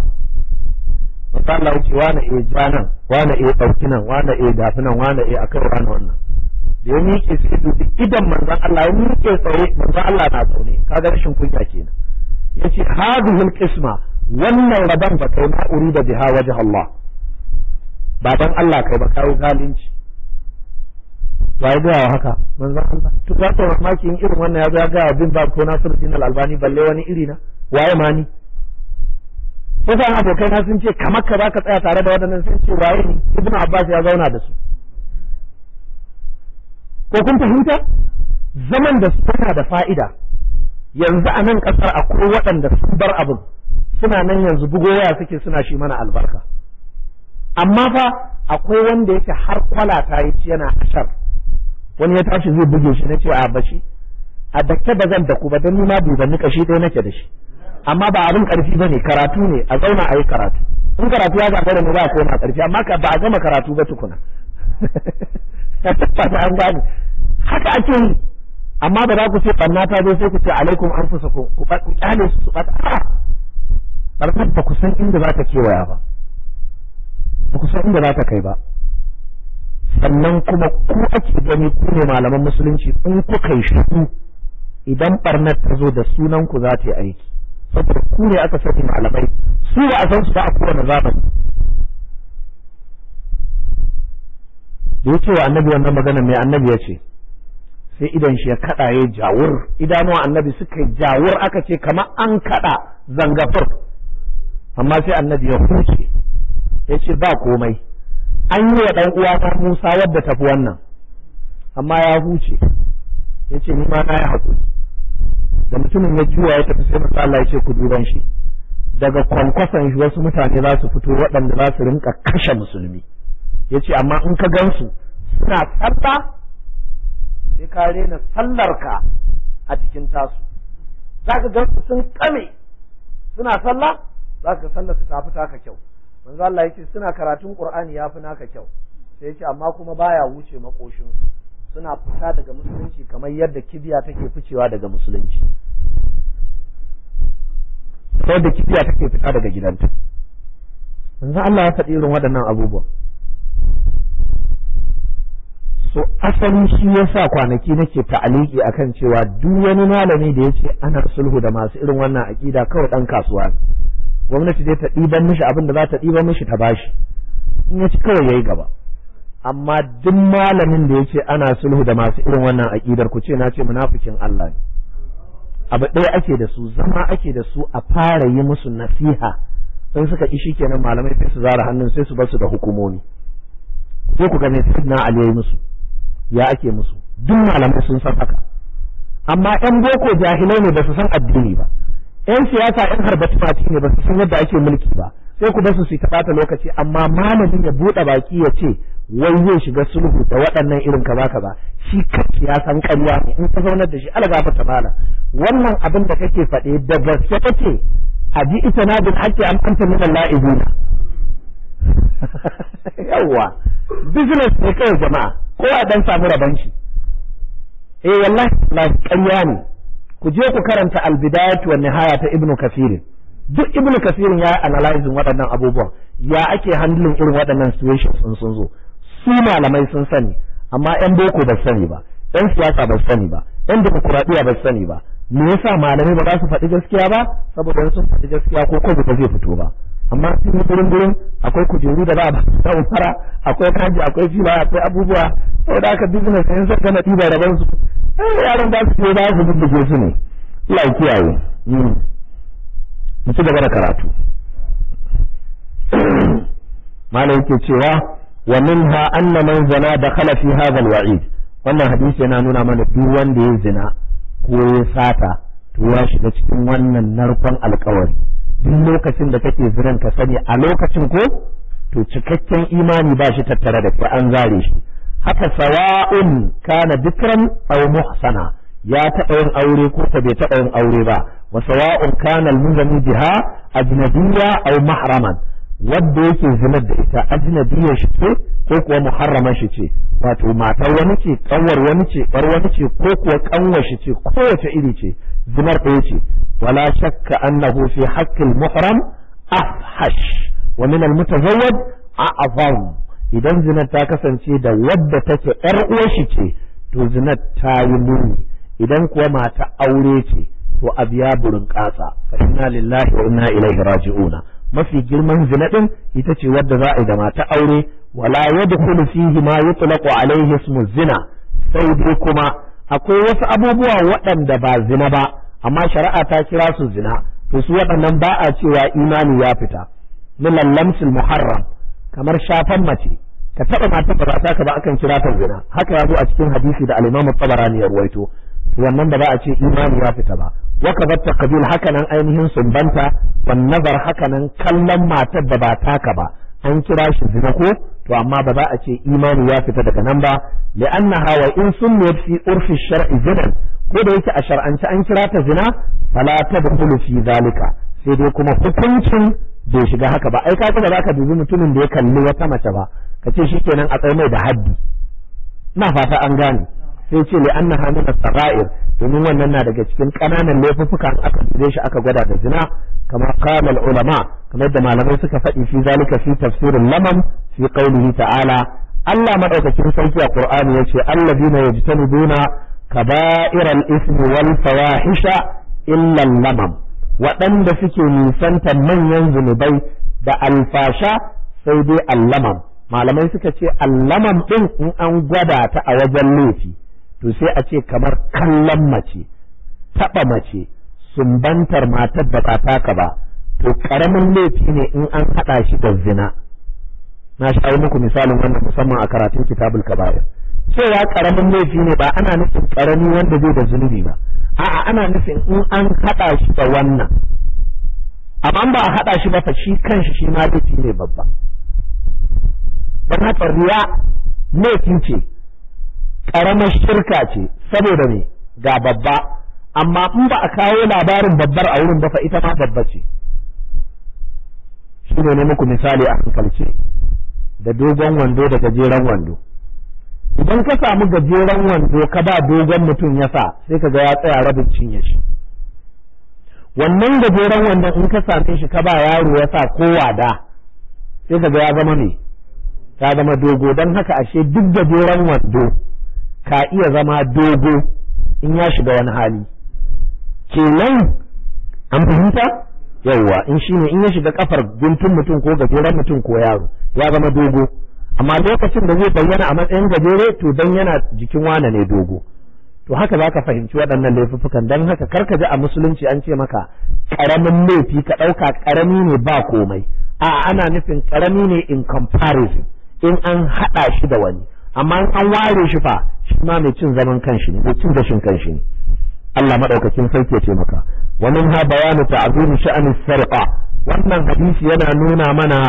Speaker 1: manzon ya ce eh ja nan, janan wani e nan wani e eh dafi nan na e eh akai wannan da ya miƙe sai dubi idan manzon Allah ya miƙe tsaye manzon Allah na zaune kaga rashin kunya kenan yace hadhihi alqisma wannan rabon ba kai na da biha wajh Allah ba dan Allah kai ba kawo galinci wa ya yi wa haka manzon Allah to za ta mamaki in irin wannan ya ga ga bin ba ko Nasiruddin Al-Albani balle wani iri na waye ma ni sai abokai na sun ce kamar ka zaka tsaya tare da waɗannan sun ce waye ni Ibn Abbas ya zauna da su ko kun fahimta zaman da suna da fa'ida yanzu a nan ƙasar akwai waɗanda sun bar abin suna nan yanzu bugoya suke suna shi mana albarka amma fa akwai wanda yake har kwala ta yi ci yana ashar wani ya tashi zai buge shi na ce a bashi a dake da zan daku ku ba don nima bai ban nika shi ɗaya nake da shi amma ba abin karfi ba ne karatu ne a zauna a yi karatu in karatu ya zaɓa da ni ba koma ƙarfi amma ba a gama karatu ba tukuna ta tabbata an gane haka ake yi amma ba za ku ce banna ta zo sai ku ce alaikum an fusa ku ku kyale su su bata a barka ba ku san inda za ta kewaya ba ba ku san inda za ta kai ba sannan kuma ku ake gani ku ne malaman musulunci in ku kai shi idan barnar ta zo da sunan ku za ta yi aiki saboda ku ne aka sani malamai su ba a san su ba a kowane zamani da ya ce wa annabi wannan magana mai annabi ya ce sai idan shi ya kada ya jawur idanuwa annabi suka jawur aka ce kamar an kada zangafar amma sai annabi ya huce ya ce ba komai an yi wa ɗan uwa ta Musa wadda tafi wannan amma ya huce ya ce ni ma na yi haƙuri da mutumin ya juwa ya tafi sai masu ya ce ku duban shi daga kwankwasan shi wasu mutane za su fito waɗanda za su rinka kashe musulmi yace amma in ka gansu suna tsalla sai ka rena sallarka a cikin tasu za gan gansu sun kame suna sallah ka sallar su tafi taka kyau manzo Allah yace suna karatun Qur'ani fi naka kyau sai yace amma kuma baya wuce makoshin su suna fita daga musulunci kamar yadda kibiya take ficewa daga musulunci sai da kibiya take fita daga gidanta manzo Allah ya faɗi irin waɗannan abubuwa so asalin shi ya sa kwanaki nake ta'aliki akan cewa duk wani malami da ya ce ana sulhu da masu irin wannan aƙida kawai ɗan kasuwa ne gwamnati dai ta ɗiban mishi abin da za ta ɗiban mishi ta bashi in ya ci kawai ya yi gaba amma duk malamin da ya ce ana sulhu da masu irin wannan aƙidar, ku ce na ce munafikin Allah ne abu ɗaya ake da su zama ake da su a fara yi musu nasiha in suka ishi kenan malamai sai su zara hannun sai su basu da hukumomi sai ku ga sai na Ali ya yi musu ya ake musu duk malamai sun san haka amma yan boko jahilai ne ba su san addini ba yan siyasa yan harbati fati ne ba su san yadda ake mulki ba sai ku basu su ta bata lokaci amma malamin ya buɗe baki ya ce wai zai shiga sulhu da waɗannan irin kaza kaza shi kai ya san ƙarya ne in ka zaunar da shi algafa ta bala wannan abin da kake faɗe da gaske kake a ji ita na bin hakki an kanta min la'ibuna yawwa business ne kai jama'a Ko a dan samu rabanci eh wallahi na kanya ne ku je ku karanta albidayatu wa nihaya ta ibnu kasir duk ibnu kasir ya analyze waɗannan abubuwan ya ake handling irin waɗannan situations sun sun zo su malamai sun sani amma yan boko ba sani ba yan siyasa ba sani ba yan demokuraɗiyya ba sani ba me yasa malamai ba za su faɗi gaskiya ba saboda sun faɗi gaskiya ko ko ba zai fito ba amma cikin gurin gurin akwai kujeru da ba a samun fara akwai kaji akwai fila akwai abubuwa aka haka business in sun gana ɗiba rabar su eh yaron ba su je ba su bubbuge su ne Allah ya kiyaye hmm. mu ci gaba da karatu malam yake cewa wa minha anna man zana dakhala fi hadha alwa'id wannan hadisi yana nuna mana duk wanda ya zina ko ya sata to ya shiga cikin wannan narkon alƙawari duk lokacin da kake zinan ka sani a lokacin ko to cikakken imani ba shi tattare da kai an zare shi haka sawa'un kana dukran aw muhsana ya taɓa yin aure ko ta bai taɓa yin aure ba wa sawa'un kana al jiha biha ajnabiyya aw mahraman wadda yake zinar da ita ajnabiyar shi ce ko kuwa muharraman shi ce wato matar wani ce kanwar wani ce bar wani ce ko kuwa kanwar shi ce kowace iri ce zinar ɗaya ce wala shakka annahu fi haqqil muhram afhash wa min al mutazawwad a'zam idan zinar ta kasance da wadda take ƴar uwar shi ce to zinar ta yi muni idan kuwa mata aure ce to abiya burin kasa fa inna lillahi wa inna ilaihi raji'una mafi girman zina din ita ce wadda za a yi da mata aure wala yadkhulu fihi ma yutlaqu alayhi ismu zina sai dai kuma akwai wasu abubuwa waɗanda ba zina ba amma shari'a ta kira su zina to su waɗannan ba a cewa imani ya fita min lamsul muharram kamar shafan mace ka taɓa matan ba ta ka ba akan kira ta zina haka ya zo a cikin hadisi da al-Imam Tabarani ya ruwaito wannan ba a ce imani ya fita ba wa ka batta kabil haka nan ainihin sumbanta ban nazar haka nan kallon matar da ba taka ba an kira shi zina ko to amma ba za a ce imani ya fita daga nan ba anna hawa in sunniyat fi urfi shar'i zina ko da yake a shar'ance an kira ta zina fala tadkhulu fi zalika sai dai kuma hukuncin bai shiga haka ba ai ka ba za ka dubi mutumin da ya kalli wata mace ba ka ce shikenan a tsaye mai da haddi na fata an gane sai ce li annaha min as-sara'ir domin wannan na daga cikin ƙananan laifuffukan aka dure shi aka gwada da zina kama qala ulama kamar da malamai suka faɗi fi zalika fi tafsirin lamam fi qawlihi ta'ala Allah madaukakin sarki a Qur'ani yace allazina yajtanibuna kaba'iral ismi wal fawahisha illa lamam waɗanda suke nisanta manyan zunubai da alfasha sai dai allaman. malamai suka ce allaman ɗin in an gwada ta a wajen laifi to sai a ce kamar kallon mace taɓa mace sumbantar matar da ba taka ba to ƙaramin laifi ne in an haɗa shi da zina na sha muku misalin wannan musamman a karatun kitabul kaba'ir cewa karamin laifi ne ba ana nufin karami wanda zai da zunubi ba a'a ana nufin in an haɗa shi da wannan amma ba a haɗa shi ba fa shi kanshi shi ma laifi ne babba don haka riya laifin ce ƙaramar shirka ce saboda ne ga babba amma in ba a kawo labarin babbar a wurin ba fa ita ma babba ce shi ne muku misali a hankalce da dogon wando da gajeren wando idan ka samu gajeren wando ka ba dogon mutum ya sa sai ka ga ya tsaya rabin cinye shi wannan gajeren wando in ka same shi ka ba yaro ya sa kowa da sai ka ga ya zama ne ya zama dogo don haka ashe duk da doron wando ka iya zama dogo in ya shiga wani hali kenan an fahimta yawwa in shi ne in ya shiga kafar guntun mutum ko gajeren mutum ko yaro ya zama dogo amma lokacin da zai bayyana a matsayin gajere to dan yana jikin wane ne dogo to haka za ka fahimci waɗannan laifuffukan don haka kar ka ji a musulunci an ce maka ƙaramin laifi ka ɗauka ƙarami ne ba komai a ana nufin ƙarami ne in comparison in an haɗa shi da wani amma in an ware shi fa shi ma mai cin zaman kanshi ne mai cin gashin kanshi ne Allah madaukakin sarki ya taimaka wannan ha bayanu ta'zimi sha'ani sarqa wannan hadisi yana nuna mana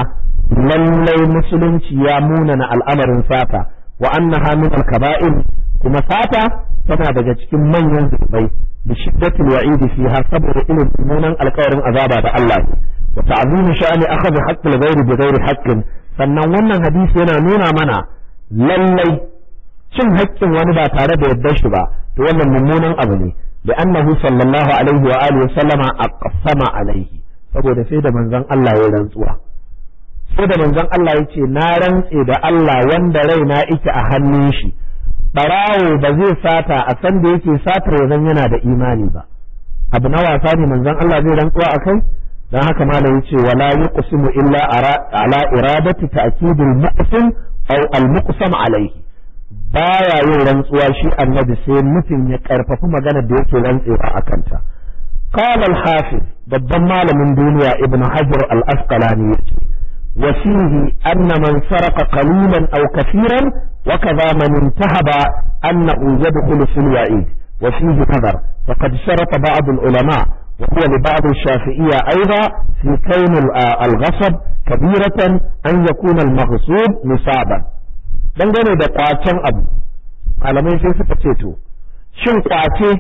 Speaker 1: lallai musulunci ya munana al'amarin sata wa annaha min al-kaba'ir kuma sata tana daga cikin manyan zubai bi shiddatil wa'idi fiha saboda irin munan alƙawarin azaba da Allah wa ta'zimi sha'ani akhadha haqqi al-ghayri bi ghairi haqqin sannan wannan hadisi yana nuna mana lallai cin haƙƙin wani ba tare da yardar shi ba to wannan mummunan abu ne da annahu sallallahu alaihi wa alihi sallama aqsama alaihi saboda sai da manzon Allah ya rantsuwa sai da manzon Allah ya ce na rantse da Allah wanda rai na ike a hannun shi barawo ba zai sata a san da yake satar yana da imani ba abu na wasa ne manzon Allah zai rantsuwa kai. don haka malam ce wala yuqsimu illa ala iradati ta'kidil mu'sim aw al muqsam baya yin rantsuwa shi annabi sai mutum ya karfafi maganar da yake rantsewa a akanta. qala al hafiz babban malamin duniya ibnu hajar al asqalani yace wa fihi anna man saraqa qalilan aw kathiran wa kadha man intahaba annahu yadkhulu fil wa'id wa fihi nadar faqad sharata ba'd ulama وهو لبعض الشافعية أيضا في كون الغصب كبيرة أن يكون المغصوب نصابا dangane da kwacen abu malamai sai suka ce to shin kwace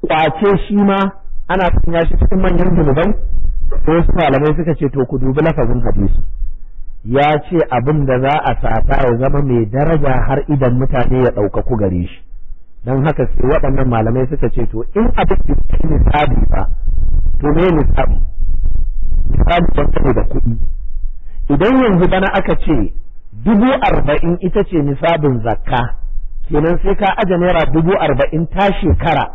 Speaker 1: kwace shi ma ana sanya shi cikin manyan zunubai ko wasu malamai suka ce to ku dubi lafazin hadisi ya ce abin da za a sata ya zama mai daraja har idan mutane ya ɗaukaku gare shi don haka sai waɗannan malamai suka ce to in abin da ke misali ba to me nisabi nisabi don da kuɗi idan yanzu bana aka ce dubu arba'in ita ce misabin zakka kenan sai ka aje naira dubu arba'in ta shekara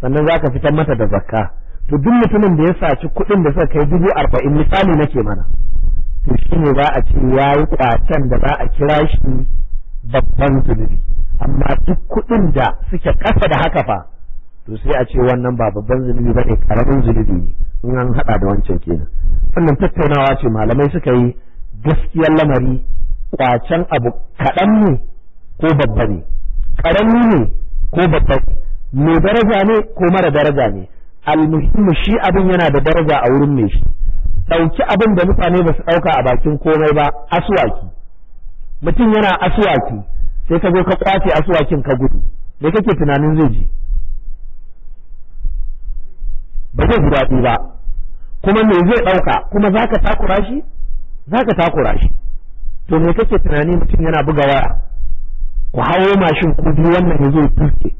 Speaker 1: sannan za ka fitar mata da zakka to duk mutumin da ya saci kuɗin da suka kai dubu arba'in misali nake mana to shine za a ce ya yi kwacen da za a kira shi babban zunubi amma duk kuɗin da suke ƙasa da haka fa to sai a ce wannan ba babban zunubi ba ne ƙaramin zunubi ne in an haɗa da wancan kenan wannan tattaunawa ce malamai suka yi gaskiyar lamari kwacen abu kaɗan ne ko babba ne ƙarami ne ko babba ne mai daraja ne ko mara daraja ne almuhimmi shi abin yana da daraja a wurin mai shi ɗauki abin da mutane ba su ɗauka a bakin komai ba asuwaki mutum yana asuwaki sai ka zo ka kwace asuwakin ka gudu me kake tunanin zai ji ba zai ji daɗi ba kuma me zai ɗauka kuma za ka takura shi za ka takura shi to me kake tunani mutum yana buga waya ku hawo mashin ku biyu wannan ya zo tuke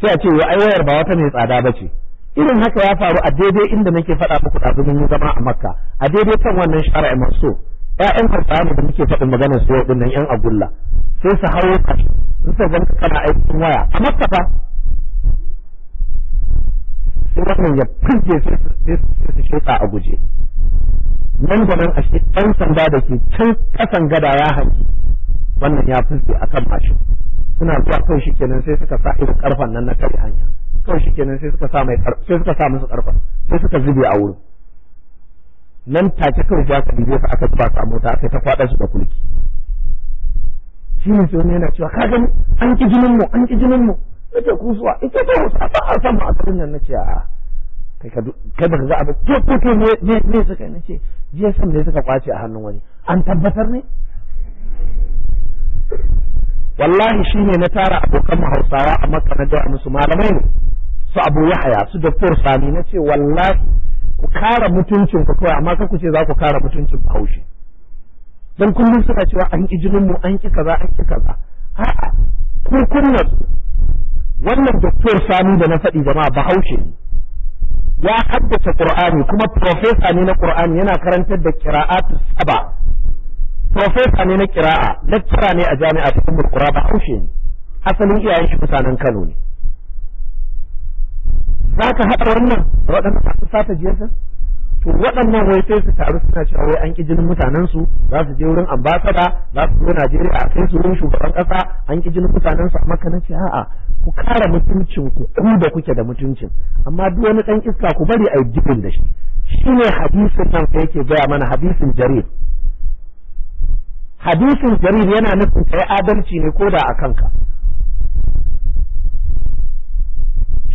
Speaker 1: sai a ce wa ai wayar ba wata mai tsada ba ce irin haka ya faru a daidai inda nake faɗa muku ɗazu yi zama a makka a daidai kan wannan shara'a so ƴaƴan karɓa da muke faɗin maganar su yau nan ƴan agulla sai su hawo ka in sa zan kana aikin waya a makka fa sai wannan ya fije sai su sheƙa a guje nan da nan a shi ɗan sanda da ke can ƙasan gada ya hanki wannan ya fizge a kan mashin suna zuwa kawai shi kenan sai suka sa irin ƙarfen nan na kai hanya kawai shi kenan sai suka sa mai sai suka sa musu ƙarfen sai suka zube a wurin nan take kawai ja ka dube ka aka zuba samu mota aka ta kwada su da kulki shi ne sai yana cewa ka gani an ki jinin mu an ki jinin mu ita zuwa ita ta wasu a ba san ba a tsarin na ce a kai ka kai za a ba to to to ne ne suka ne ce jiya san da suka kwace a hannun wani an tabbatar ne wallahi shine na tara abokan mu Hausawa a makka na da musu malamai ne su Abu Yahaya su Dr. Sami na ce wallahi ku kara mutuncin ku kawai amma ka kuce ce za ku kara mutuncin bahaushe dan kullum suna cewa an ki jinin mu an ki kaza an ki kaza a'a kurkunna wannan doktor sani da na faɗi jama'a bahaushe ne ya haddace qur'ani kuma profesa ne na qur'ani yana karantar da qira'atu saba profesa ne na qira'a lecturer ne a jami'a ta Ummul Qura bahaushe ne asalin iyayen shi mutanen Kano ne za ka haɗa wannan da waɗanda masu sata jiyarta to waɗannan wai sai su taru suna cewa wai an ƙi jinin mutanensu za su je wurin ambasada za su zo Najeriya a kai su wurin shugaban ƙasa an ƙi jinin mutanensu su amma kana ce a'a ku kara mutuncin ku ku da kuke da mutuncin amma duk wani ɗan iska ku bari a yi jibin da shi shine hadisin nan kai yake gaya mana hadisin jarir hadisin jarir yana nufin kai adalci ne ko da a kanka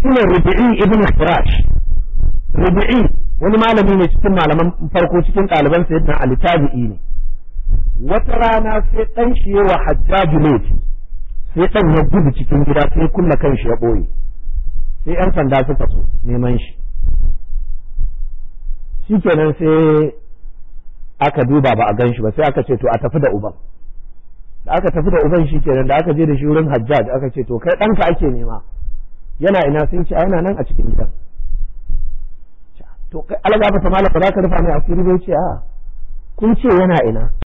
Speaker 1: shine rubi'i ibn firash rubi'i wani malami ne cikin malaman farko cikin ɗaliban sayyidina ali tabi'i ne wata rana sai ɗan shi yawa hajjaji laifi sai ɗan ya gudu cikin gida sai kunna kan shi ya ɓoye sai ‘yan sanda suka so neman shi shi kenan sai aka duba ba a gan shi ba sai aka ce to a tafi da uban da aka tafi da uban shi kenan da aka je da shi wurin hajjaj aka ce to kai ɗanka ake nema yana ina sun ce yana nan a cikin gidan to kai alga ba ta malaka za ka rufa mai asiri bai ce a kun ce yana ina